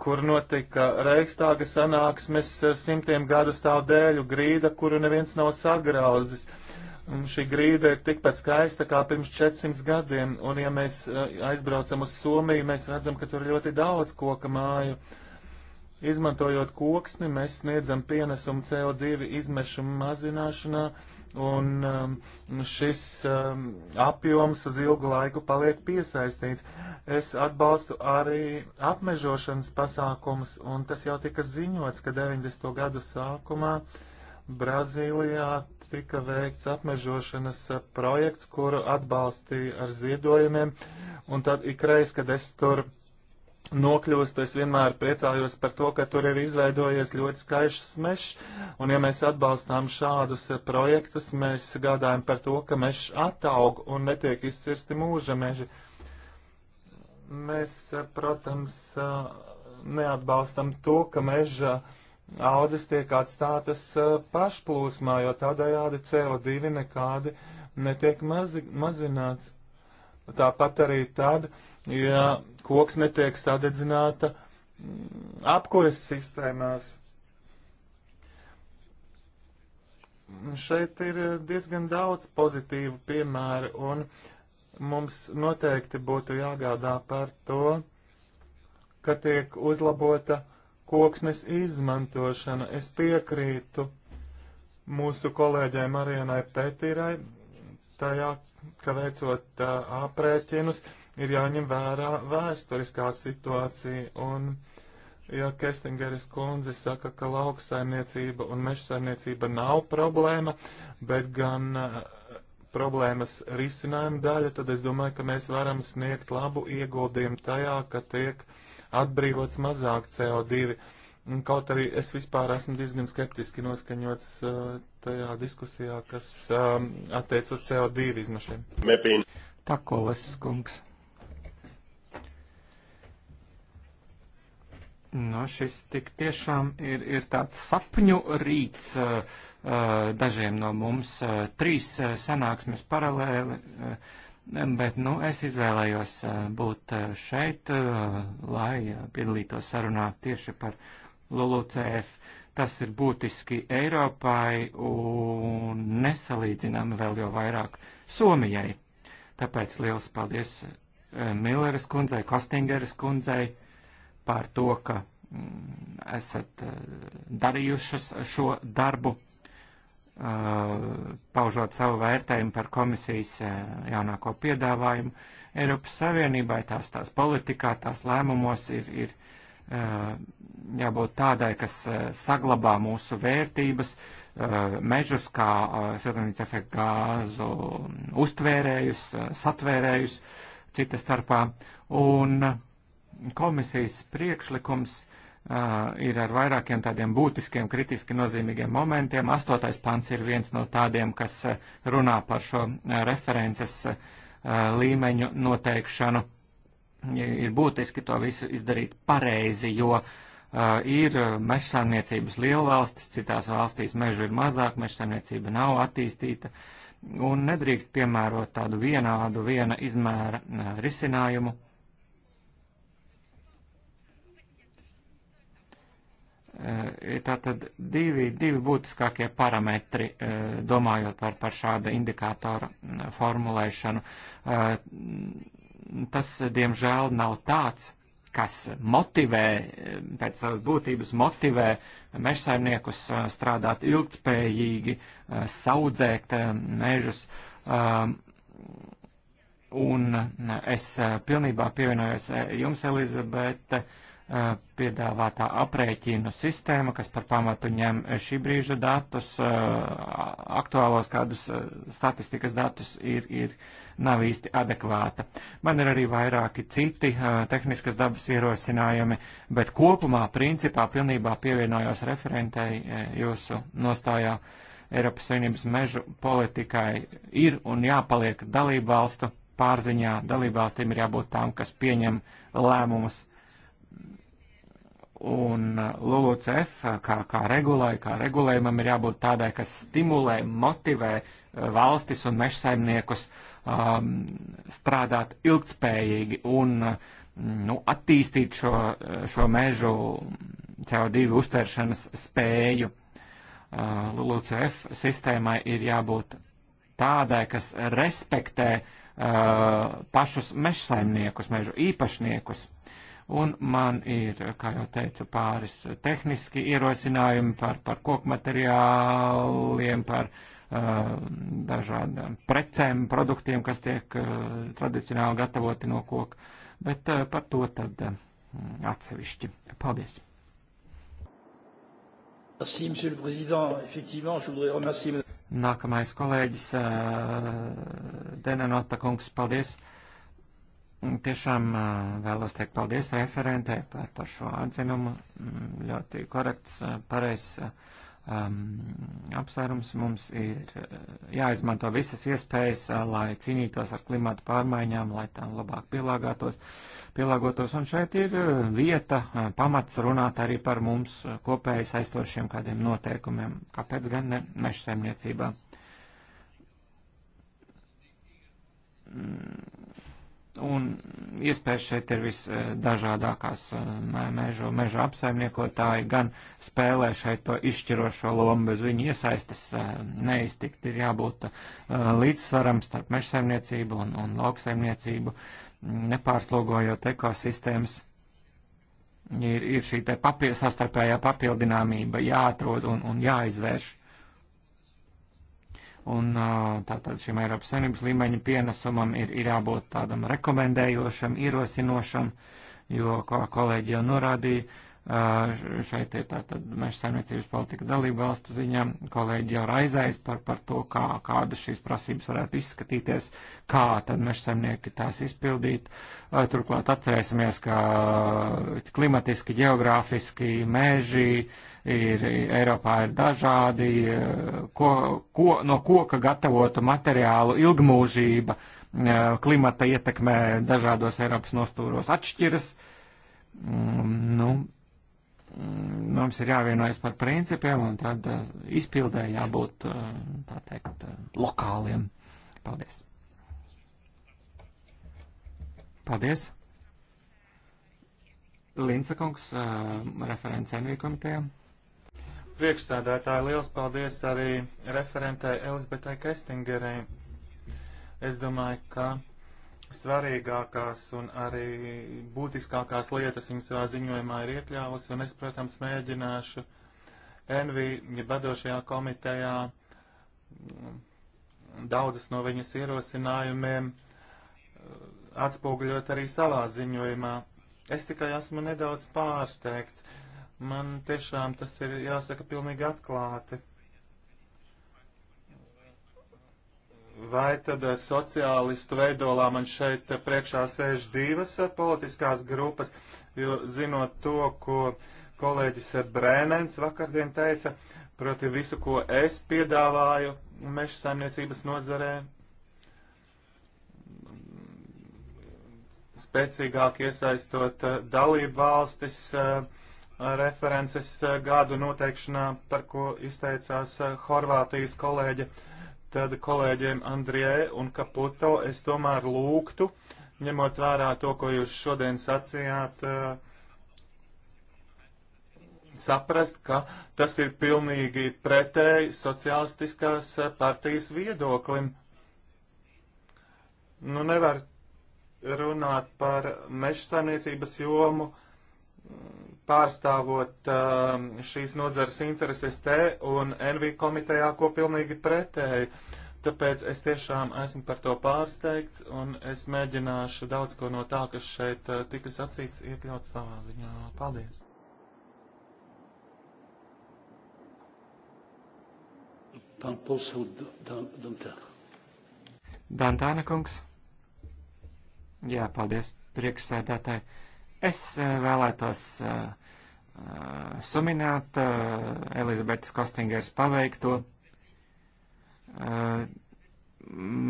kur notika Reikstāga sanāksmes eh, simtiem gadu stāv dēļu grīda, kuru neviens nav sagrauzis. Un šī grīda ir tikpat skaista kā pirms 400 gadiem, un ja mēs eh, aizbraucam uz Somiju, mēs redzam, ka tur ir ļoti daudz koka māju. Izmantojot koksni, mēs sniedzam pienesumu CO2 izmešumu mazināšanā, uh, un um, šis um, apjoms uz ilgu laiku paliek piesaistīts. Es atbalstu arī apmežošanas pasākumus, un tas jau tika ziņots, ka 90. gadu sākumā Brazīlijā tika veikts apmežošanas uh, projekts, kuru atbalstīja ar ziedojumiem, un tad ikreiz, kad es tur nokļūst, es vienmēr priecājos par to, ka tur ir izveidojies ļoti skaists mežs, un ja mēs atbalstām šādus eh, projektus, mēs gādājam par to, ka mežs attaug un netiek izcirsti mūža meži. Mēs, eh, protams, eh, neatbalstam to, ka meža audzes tiek atstātas pašplūsmā, jo tādējādi CO2 nekādi netiek mazi, mazināts. Tāpat arī tad, uh, ja koks netiek sadedzināta mm, apkures sistēmās. Šeit ir diezgan daudz pozitīvu piemēru, un mums noteikti būtu jāgādā par to, ka tiek uzlabota koksnes izmantošana. Es piekrītu mūsu kolēģai Marijanai Petīrai tajā, ka veicot uh, aprēķinus, ir jāņem vērā vēsturiskā situācija. Un, ja Kestingeris kundze saka, ka lauksaimniecība un mežsaimniecība nav problēma, bet gan uh, problēmas risinājuma daļa, tad es domāju, ka mēs varam sniegt labu ieguldījumu tajā, ka tiek atbrīvots mazāk CO2. Un kaut arī es vispār esmu diezgan skeptiski noskaņots uh, tajā diskusijā, kas um, eh, attiec uz CO2 izmešiem. Takolas kungs. Nu, šis tik tiešām ir, ir tāds sapņu rīts uh, uh dažiem no mums. Uh, trīs uh, sanāksmes paralēli, uh, bet nu, es izvēlējos uh, būt šeit, lai piedalītos sarunā tieši par LULUCF. Tas ir būtiski Eiropai un nesalīdzinām vēl jau vairāk Somijai. Tāpēc liels paldies Milleras kundzei, Kostingeras kundzei par to, ka mm, esat eh, darījušas šo darbu, eh, paužot savu vērtējumu par komisijas eh, jaunāko piedāvājumu. Eiropas Savienībai tās, tās politikā, tās lēmumos ir, ir jābūt tādai, kas saglabā mūsu vērtības, mežus kā siltumnīca efekta gāzu uztvērējus, satvērējus, cita starpā. Un komisijas priekšlikums uh, ir ar vairākiem tādiem būtiskiem, kritiski nozīmīgiem momentiem. Astotais pants ir viens no tādiem, kas runā par šo references uh, līmeņu noteikšanu. Ir būtiski to visu izdarīt pareizi, jo uh, ir mežsaimniecības lielvalstis, citās valstīs mežu ir mazāk, mežsaimniecība nav attīstīta. Un nedrīkst piemērot tādu vienādu, viena izmēra risinājumu, ir eh, tātad divi, divi būtiskākie parametri, eh, domājot par, par šāda indikātora mm, formulēšanu. Eh, tas, diemžēl, nav tāds, kas motivē, pēc savas būtības motivē mežsaimniekus strādāt ilgtspējīgi, saudzēt mežus. Un es pilnībā pievienojos jums, Elizabete Eh, piedāvātā aprēķinu sistēma, kas par pamatu ņem šī brīža datus, eh, aktuālos kādus eh, statistikas datus, ir, ir nav īsti adekvāta. Man ir arī vairāki citi tehniskas dabas ierosinājumi, bet kopumā, principā, pilnībā pievienojos referentei jūsu nostājā. Eiropas Savienības mežu politikai ir un jāpaliek dalību valstu pārziņā. Dalību valstīm ir jābūt tām, kas pieņem lēmumus Un uh, LULUCF uh, kā, kā regulai, kā regulējumam ir jābūt tādai, kas stimulē, motivē uh, valstis un mežsaimniekus um, strādāt ilgtspējīgi un nu, attīstīt šo, šo mežu CO2 uztveršanas spēju. Uh, LULUCF sistēmai ir jābūt tādai, kas respektē uh, pašus mežsaimniekus, mežu īpašniekus. Un man ir, kā jau teicu, pāris tehniski ierosinājumi par, par kokmateriāliem, par uh, dažādām precēm, produktiem, kas tiek uh, tradicionāli gatavoti no koka. Bet uh, par to tad uh, atsevišķi. Paldies! Merci, Monsieur le Président. Effectivement, je voudrais remercier. Nākamais kolēģis, uh, Denenota kungs, paldies. Uh, Tiešām vēlos teikt paldies referentē par, par šo atzinumu. Mm, ļoti korekts, pareizs um, apsvērums. Mums ir jāizmanto visas iespējas, lai cīnītos ar klimatu pārmaiņām, lai tām labāk pielāgātos, pielāgotos. Un šeit ir vieta, pamats runāt arī par mums kopēji saistošiem kādiem noteikumiem. Kāpēc gan ne mežsaimniecībā? Mm Un iespējas šeit ir visdažādākās eh, mežu, mežu apsaimniekotāji, gan spēlē šeit to izšķirošo lomu, bez viņu iesaistas eh, neiztikt. Ir jābūt eh, līdzsvaram starp mežsaimniecību un, un lauksaimniecību, nepārslogojot ekosistēmas. Ir, ir šī te papil, sastarpējā papildināmība jāatrod un, un jāizvērš. Un tātad šim Eiropas Savienības līmeņa pienesumam ir, ir jābūt tādam rekomendējošam, ierosinošam, jo, kā kolēģi jau norādīja, Šeit ir tātad meža saimniecības politika dalība valstu ziņā. Kolēģi jau raizējas par, par to, kā, kādas šīs prasības varētu izskatīties, kā tad meža saimnieki tās izpildīt. Turklāt atcerēsimies, ka klimatiski, geogrāfiski meži ir Eiropā ir dažādi, ko, ko, no koka gatavotu materiālu ilgmūžība klimata ietekmē dažādos Eiropas nostūros atšķiras. Mm, nu, Mm, mums ir jāvienojas par principiem, un tad eh, izpildē jābūt, eh, tā teikt, eh, lokāliem. Paldies! Paldies! Linca kungs, referents Envī komitejā. Priekšsēdētāji, liels paldies arī referentai Elizabetai Kestingerei. Es domāju, ka svarīgākās un arī būtiskākās lietas viņa savā ziņojumā ir iekļāvusi, un es, protams, mēģināšu Envi vadošajā komitejā daudzas no viņas ierosinājumiem eh, atspoguļot arī savā ziņojumā. Es tikai esmu nedaudz pārsteigts. Man tiešām tas ir jāsaka pilnīgi atklāti. Vai tad eh, sociālistu veidolā man šeit eh, priekšā sēž divas eh, politiskās grupas, jo zinot to, ko kolēģis Brēnens vakardien teica, proti visu, ko es piedāvāju meža saimniecības nozarē, spēcīgāk iesaistot dalību valstis references gadu noteikšanā, par ko izteicās Horvātijas kolēģi tad kolēģiem Andrie un Kaputo es tomēr lūgtu, ņemot vērā to, ko jūs šodien sacījāt, eh, saprast, ka tas ir pilnīgi pretēji sociālistiskās partijas viedoklim. Nu, nevar runāt par mežsaimniecības jomu pārstāvot um, šīs nozares intereses te un NV komitejā, ko pilnīgi pretēji. Tāpēc es tiešām esmu par to pārsteigts un es mēģināšu daudz ko no tā, kas šeit uh, tika sacīts, iekļaut savā ziņā. Paldies! Pan poseł Dantēna. Dantēna kungs. Jā, paldies priekšsēdētāji Es eh, vēlētos eh, eh, suminēt Elizabetes Kostingers paveikto.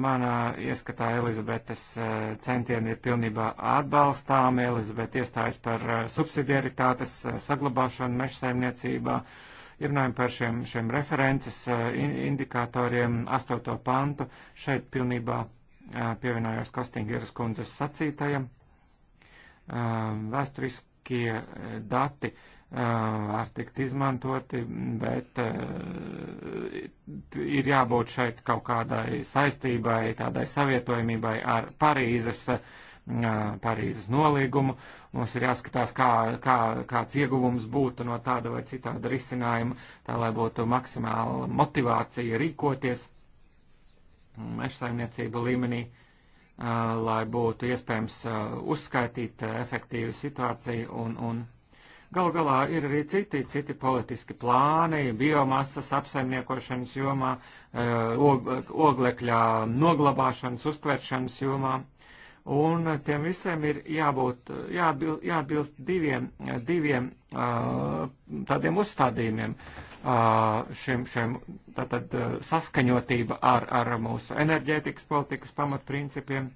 Manā ieskatā Elizabetes centieni ir pilnībā atbalstāmi. Elizabete iestājas par subsidiaritātes saglabāšanu mežsaimniecībā. Ir runājumi par šiem, šiem references indikatoriem, astoto pantu. Šeit pilnībā pievienojos Kostingeras kundzes sacītajam vēsturiskie eh, dati var tikt izmantoti, bet eh, ir jābūt šeit kaut kādai saistībai, tādai savietojumībai ar Parīzes, Parīzes nolīgumu. Mums ir jāskatās, kā, kā, kāds ieguvums būtu no tāda vai citāda risinājuma, tā lai būtu maksimāla motivācija rīkoties mežsaimniecību līmenī. Uh, lai būtu iespējams uzskaitīt efektīvu situāciju un, un Galu galā ir arī citi, citi politiski plāni, biomasas apsaimniekošanas jomā, oglekļā noglabāšanas, uztvēršanas jomā. Un tiem visiem ir jābūt, jāatbil, jāatbilst diviem, diviem tādiem uzstādījumiem. Uh, šim, šim tātad, saskaņotība ar, ar mūsu enerģētikas politikas pamatprincipiem.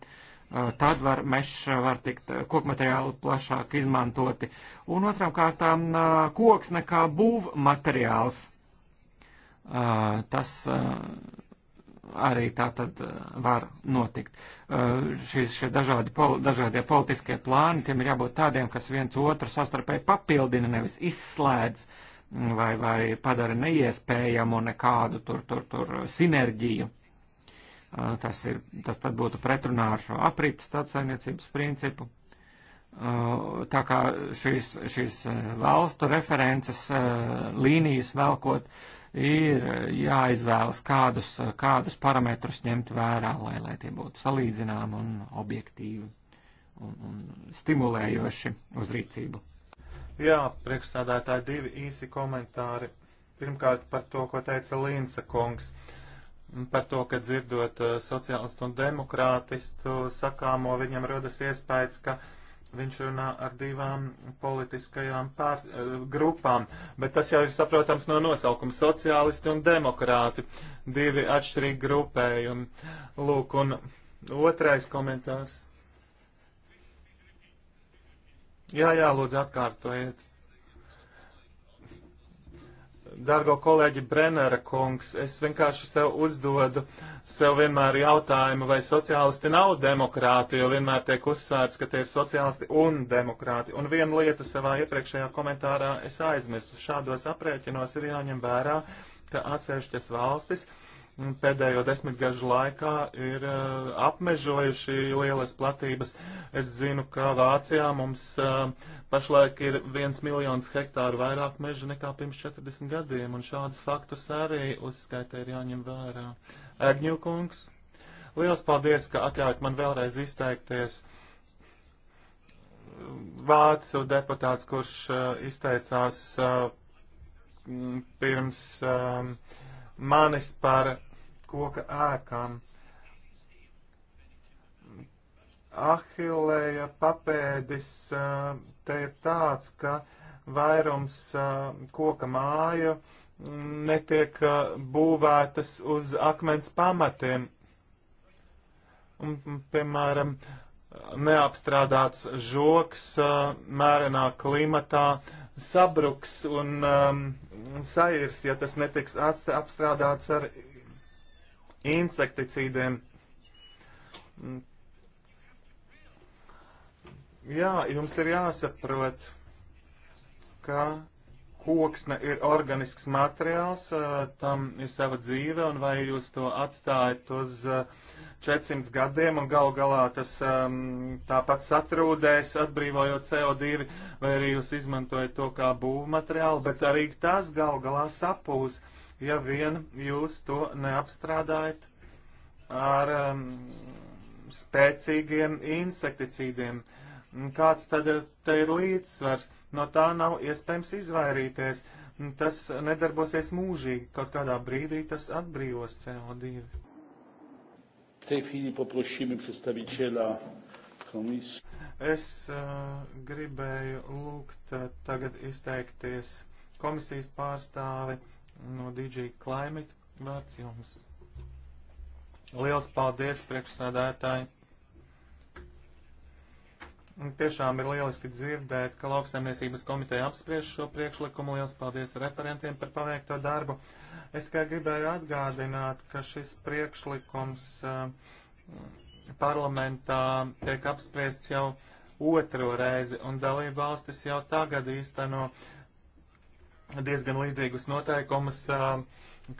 Tad var mešs, var tikt kokmateriāli plašāk izmantoti. Un otram kārtām koks nekā būvmateriāls. Tas arī tā tad var notikt. Šīs šie dažādi, pol, dažādie politiskie plāni, tiem ir jābūt tādiem, kas viens otru sastarpēji papildina, nevis izslēdz. Uh, vai, vai padara neiespējamu nekādu tur, tur, tur sinerģiju. Uh, tas, ir, tas tad būtu pretrunā ar šo aprites tādsaimniecības principu. Uh, tā kā šīs, šīs uh, valstu references līnijas velkot, ir jāizvēlas, kādus, kādus parametrus ņemt vērā, lai, lai tie būtu salīdzināmi un objektīvi un, un stimulējoši uz rīcību. Jā, priekšstādātāji divi īsi komentāri. Pirmkārt par to, ko teica Līnsa kungs. Par to, ka dzirdot uh, sociālistu un demokrātistu sakāmo, viņam rodas iespējas, ka viņš runā ar divām politiskajām pār, uh, grupām, bet tas jau ir saprotams no nosaukuma - sociālisti un demokrāti, divi atšķirīgi grupējumi. Lūk, un otrais komentārs. Jā, jā, lūdzu atkārtojiet. Dargo kolēģi Brennera kungs, es vienkārši sev uzdodu sev vienmēr jautājumu, vai sociālisti nav demokrāti, jo vienmēr tiek uzsvērts, ka tie ir sociālisti un demokrāti. Un vienu lietu savā iepriekšējā komentārā es aizmirsu. Šādos aprēķinos ir jāņem vērā, ka atsevišķas valstis pēdējo desmitgažu laikā ir uh, apmežojuši lielas platības. Es zinu, ka Vācijā mums uh, pašlaik ir viens miljons hektāru vairāk meža nekā pirms 40 gadiem, un šādus faktus arī uzskaitē ir jāņem vērā. Agņukungs, liels paldies, ka atļaut man vēlreiz izteikties. Vācu deputāts, kurš uh, izteicās pirms. Um, manis par koka ēkām. Ahilēja papēdis te ir tāds, ka vairums koka māju netiek būvētas uz akmens pamatiem. Un, piemēram, neapstrādāts žoks mērenā klimatā sabruks un um, sairs, ja tas netiks apstrādāts ar insekticīdiem. Mm. Jā, jums ir jāsaprot, ka koksne ir organisks materiāls, tam ir sava dzīve, un vai jūs to atstājat uz 400 gadiem, un gal galā tas tāpat satrūdēs, atbrīvojot CO2, vai arī jūs izmantojat to kā būvmateriālu, bet arī tas gal galā sapūs, ja vien jūs to neapstrādājat ar um, spēcīgiem insekticīdiem. Uh, Kāds tad eh, te ir līdzsvars? No tā nav iespējams izvairīties. Tas nedarbosies mūžīgi. Kaut kādā brīdī tas atbrīvos CO2. Es uh, gribēju lūgt uh, tagad izteikties komisijas pārstāvi no DG Climate. Vārds jums. Liels paldies, priekšsādātāji. Tiešām ir lieliski dzirdēt, ka lauksaimniecības komiteja apspriež šo priekšlikumu. Liels paldies referentiem par paveikto darbu. Es tikai gribēju atgādināt, ka šis priekšlikums eh, parlamentā tiek apspriests jau otro reizi, un dalību valstis jau tagad īsteno diezgan līdzīgus noteikumus, eh,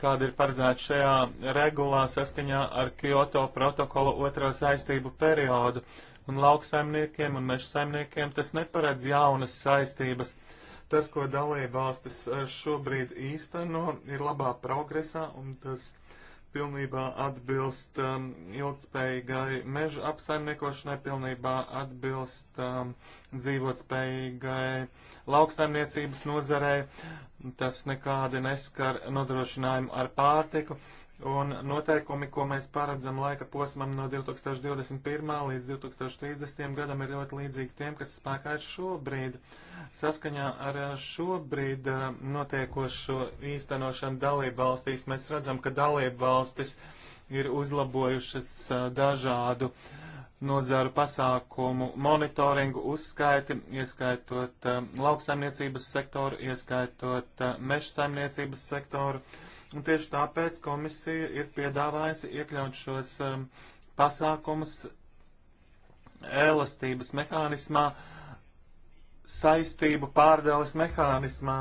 kāda ir paredzēta šajā regulā saskaņā ar Kyoto protokolu otro saistību periodu Un lauksaimniekiem un meža saimniekiem tas neparedz jaunas saistības. Tas, ko dalībvalstis eh, šobrīd īsteno, ir labā progresā un tas pilnībā atbilst um, ilgspējīgai meža apsaimniekošanai, pilnībā atbilst um, dzīvotspējīgai lauksaimniecības nozarei. Tas nekādi neskar nodrošinājumu ar pārtiku. Un noteikumi, ko mēs paredzam laika posmam no 2021. līdz 2030. gadam, ir ļoti līdzīgi tiem, kas spēkā ir šobrīd. Saskaņā ar eh, šobrīd eh, notiekošo īstenošanu dalību valstīs mēs redzam, ka dalību valstis ir uzlabojušas eh, dažādu nozaru pasākumu monitoringu uzskaiti, ieskaitot lauksaimniecības sektoru, ieskaitot meža saimniecības sektoru. Uh, Un tieši tāpēc komisija ir piedāvājusi iekļaut šos um, pasākumus elastības mehānismā, saistību pārdales mehānismā.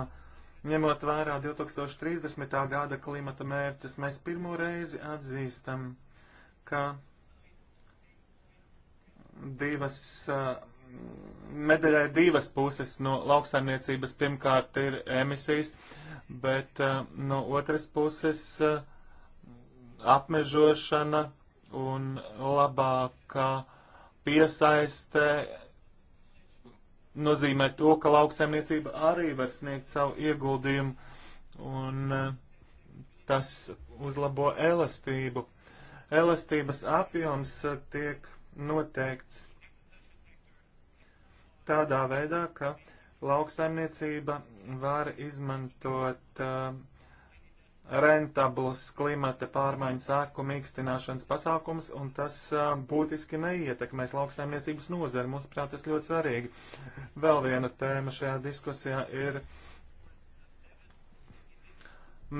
Ņemot vērā 2030. gada klimata mērķus, mēs pirmo reizi atzīstam, ka divas, uh, medaļai divas puses no lauksaimniecības pirmkārt ir emisijas, uh, bet eh, no otras puses eh, apmežošana un labākā piesaiste nozīmē to, ka lauksaimniecība arī var sniegt savu ieguldījumu un eh, tas uzlabo elastību. Elastības apjoms tiek noteikts tādā veidā, ka uh, lauksaimniecība var izmantot uh, rentablus klimata pārmaiņu sēku mīkstināšanas pasākums, un tas uh, būtiski neietekmēs lauksaimniecības nozari. Mums, prāt, tas ļoti svarīgi. Vēl viena tēma šajā diskusijā ir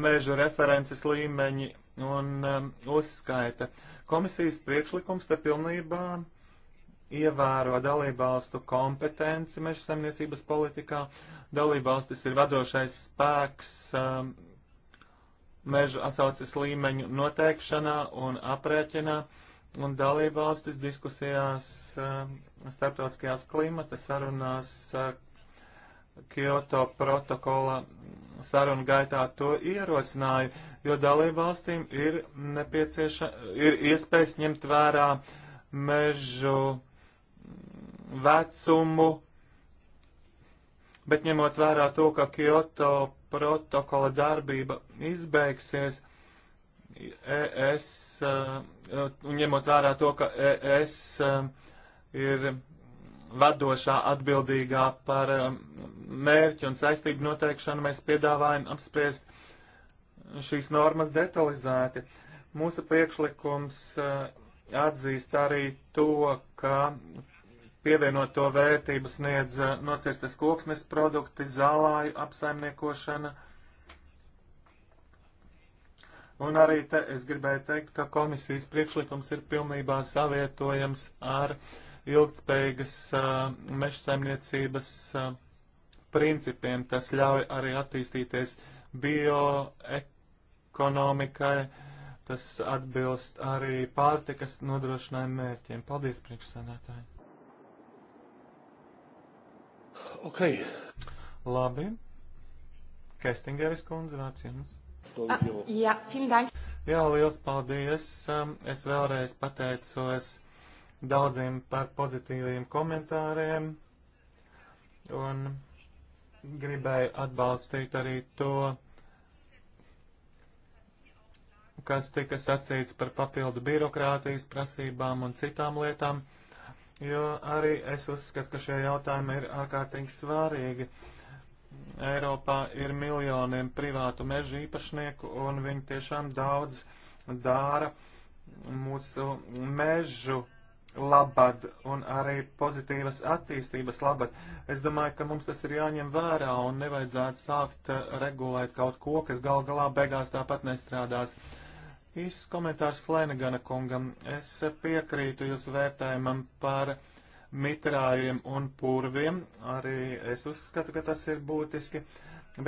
meža references līmeņi un um, uzskaita. Komisijas priekšlikums te pilnībā ievēro dalībvalstu kompetenci meža saimniecības politikā. Dalībvalstis ir vadošais spēks um, meža atsauces līmeņu noteikšanā un aprēķinā, un dalībvalstis diskusijās um, starptautiskajās klimata sarunās uh, Kyoto protokola sarunu gaitā to ierosināja, jo dalībvalstīm ir, ir iespējas ņemt vērā mežu vecumu, bet ņemot vērā to, ka Kyoto protokola darbība izbeigsies, ES, e, un ņemot vērā to, ka ES e, ir vadošā atbildīgā par e, mērķu un saistību noteikšanu, mēs piedāvājam apspriest šīs normas detalizēti. Mūsu priekšlikums atzīst arī to, ka pievienoto vērtību sniedz eh, nocirstas koksnes produkti, zālāju apsaimniekošana. Un arī te es gribēju teikt, ka komisijas priekšlikums ir pilnībā savietojams ar ilgtspējīgas uh, meža saimniecības uh, principiem. Tas ļauj arī attīstīties bioekonomikai. Tas atbilst arī pārtikas nodrošinājuma mērķiem. Paldies, priekšsēdētāji! Ok. Labi. Kestingeris kundze, vārds jums. A, ah, jā, vielen dank. Jā, liels paldies. Um, es vēlreiz pateicos daudziem par pozitīviem komentāriem un gribēju atbalstīt arī to, kas tika sacīts par papildu birokrātijas prasībām un citām lietām jo arī es uzskatu, ka šie jautājumi ir ārkārtīgi svārīgi. Eiropā ir miljoniem privātu mežu īpašnieku, un viņi tiešām daudz dara mūsu mežu labad un arī pozitīvas attīstības labad. Es domāju, ka mums tas ir jāņem vērā un nevajadzētu sākt eh, regulēt kaut ko, kas gal galā beigās tāpat nestrādās. Uh, Īsts komentārs Flēnegana kungam. Es piekrītu jūsu vērtējumam par mitrājiem un purviem. Arī es uzskatu, ka tas ir būtiski.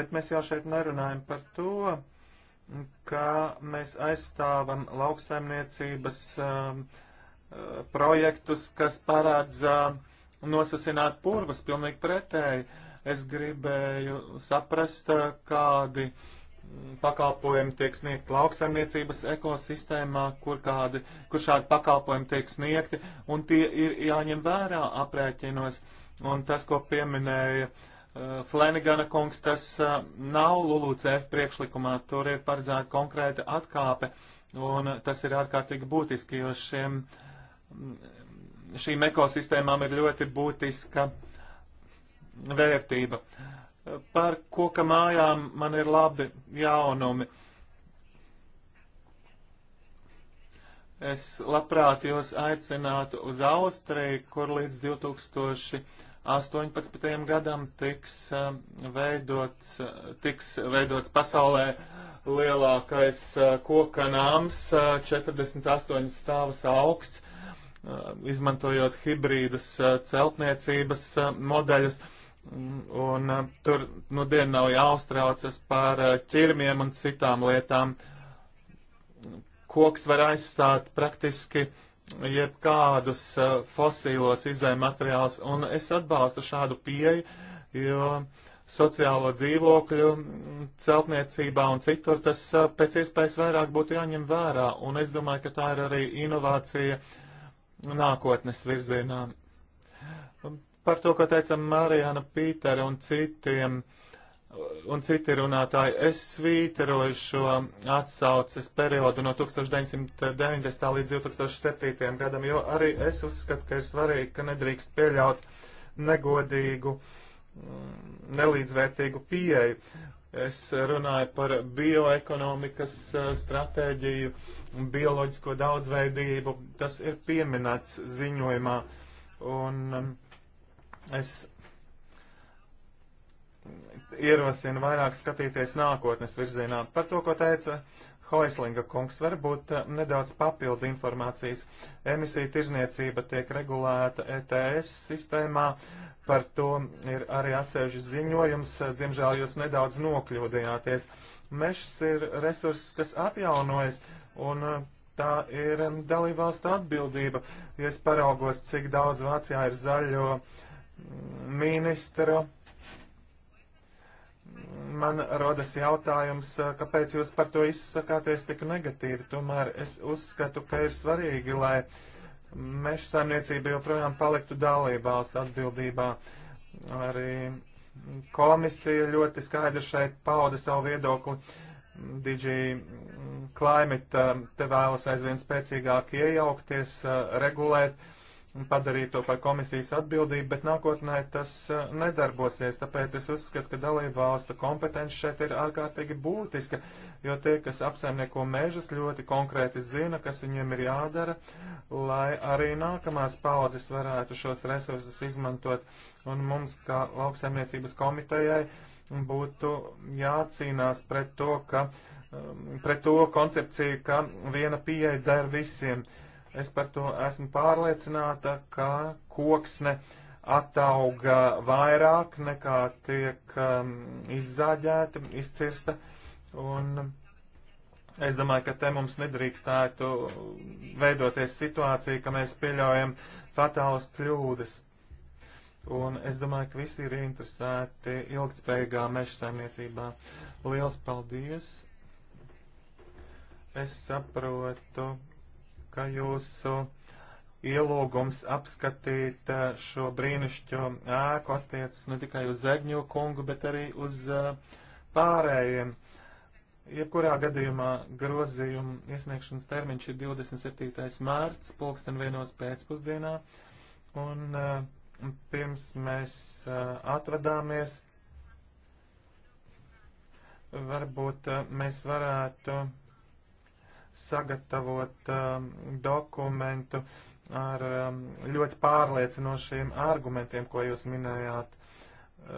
Bet mēs jau šeit nerunājam par to, ka mēs aizstāvam lauksaimniecības um, uh, projektus, kas parādz um, uh, nosasināt purvas pilnīgi pretēji. Es gribēju saprast, uh, kādi uh, pakalpojumi tiek sniegti lauksaimniecības ekosistēmā, kur, kādi, kur šādi pakalpojumi tiek sniegti, un tie ir jāņem vērā aprēķinos. Un tas, ko pieminēja uh, eh, Flanagana kungs, tas uh, nav LULUCF priekšlikumā, tur ir paredzēta konkrēta atkāpe, un tas ir ārkārtīgi būtiski, jo šiem, šīm ekosistēmām ir ļoti būtiska vērtība. Uh, Par koka mājām man ir labi jaunumi. Es labprāt jūs aicinātu uz Austriju, kur līdz 2018. gadam tiks um, veidots, uh, tiks veidots pasaulē lielākais koka nams, 48 stāvas augsts, uh, izmantojot hibrīdus uh, celtniecības modeļus. Un uh, tur nu dien nav jāuztraucas par uh, ķirmiem un citām lietām. Koks var aizstāt praktiski jebkādus uh, fosīlos izējumateriālus, un es atbalstu šādu pieeju, jo sociālo dzīvokļu celtniecībā un citur tas pēc iespējas vairāk būtu jāņem vērā, un es domāju, ka tā ir arī inovācija nākotnes virzienām Par to, ko teica Marijana Pītera un citiem, un citi runātāji, es svīteroju šo atsauces periodu no 1990. līdz 2007. gadam, jo arī es uzskatu, ka ir svarīgi, ka nedrīkst pieļaut negodīgu, mm, nelīdzvērtīgu pieeju. Es runāju par bioekonomikas stratēģiju, bioloģisko daudzveidību. Tas ir pieminēts ziņojumā. Un mm, Es ierosinu vairāk skatīties nākotnes virzienā. Par to, ko teica Hoislinga kungs, varbūt eh, nedaudz papildu informācijas. Emisija tirzniecība tiek regulēta ETS sistēmā, par to ir arī atsevišķi ziņojums, diemžēl jūs nedaudz nokļūdījāties. Mešs ir resurss, kas atjaunojas, un eh, tā ir dalībvalstu atbildība. Ja es paraugos, cik daudz Vācijā ir zaļo uh, ministru. Man rodas jautājums, kāpēc jūs par to izsakāties tik negatīvi. Tomēr es uzskatu, ka ir svarīgi, lai meža saimniecība joprojām paliktu dalībvalstu atbildībā. Arī komisija ļoti skaidri šeit pauda savu viedokli. DG Climate te vēlas aizvien spēcīgāk iejaukties, regulēt padarīt to par komisijas atbildību, bet nākotnē tas uh, nedarbosies. Tāpēc es uzskatu, ka dalību valstu kompetence šeit ir ārkārtīgi būtiska, jo tie, kas apsaimnieko mežus, ļoti konkrēti zina, kas viņiem ir jādara, lai arī nākamās paudzes varētu šos resursus izmantot. Un mums, kā lauksaimniecības komitejai, būtu jācīnās pret to, ka, um, pret to koncepciju, ka viena pieeja der visiem. Uh, Es par to esmu pārliecināta, ka koksne atauga vairāk nekā tiek um, izzāģēta, izcirsta. Un um, es domāju, ka te mums nedrīkstētu veidoties situācija, ka mēs pieļaujam fatālas kļūdas. Un es domāju, ka visi ir interesēti ilgtspējīgā meža saimniecībā. Liels paldies! Es saprotu, ka jūsu ielūgums apskatīt eh, šo brīnišķo ēku attiecas ne tikai uz Zegņu kungu, bet arī uz eh, pārējiem. Jebkurā gadījumā grozījuma iesniegšanas termiņš ir 27. mārts, pulksten vienos pēcpusdienā, un eh, pirms mēs atvadāmies, varbūt mēs varētu sagatavot um, dokumentu ar um, ļoti pārliecinošiem argumentiem, ko jūs minējāt, uh,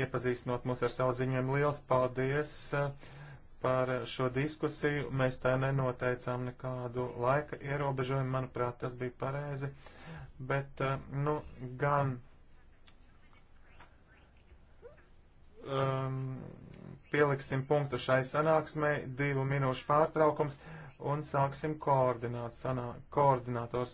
iepazīstinot mūs ar savu ziņojumu. Liels paldies uh, par šo diskusiju. Mēs tā nenoteicām nekādu laika ierobežojumu. Manuprāt, tas bija pareizi. Bet, uh, nu, gan. Um, Pieliksim punktu šai sanāksmei, divu minūšu pārtraukums un sāksim koordināt sanā, koordinators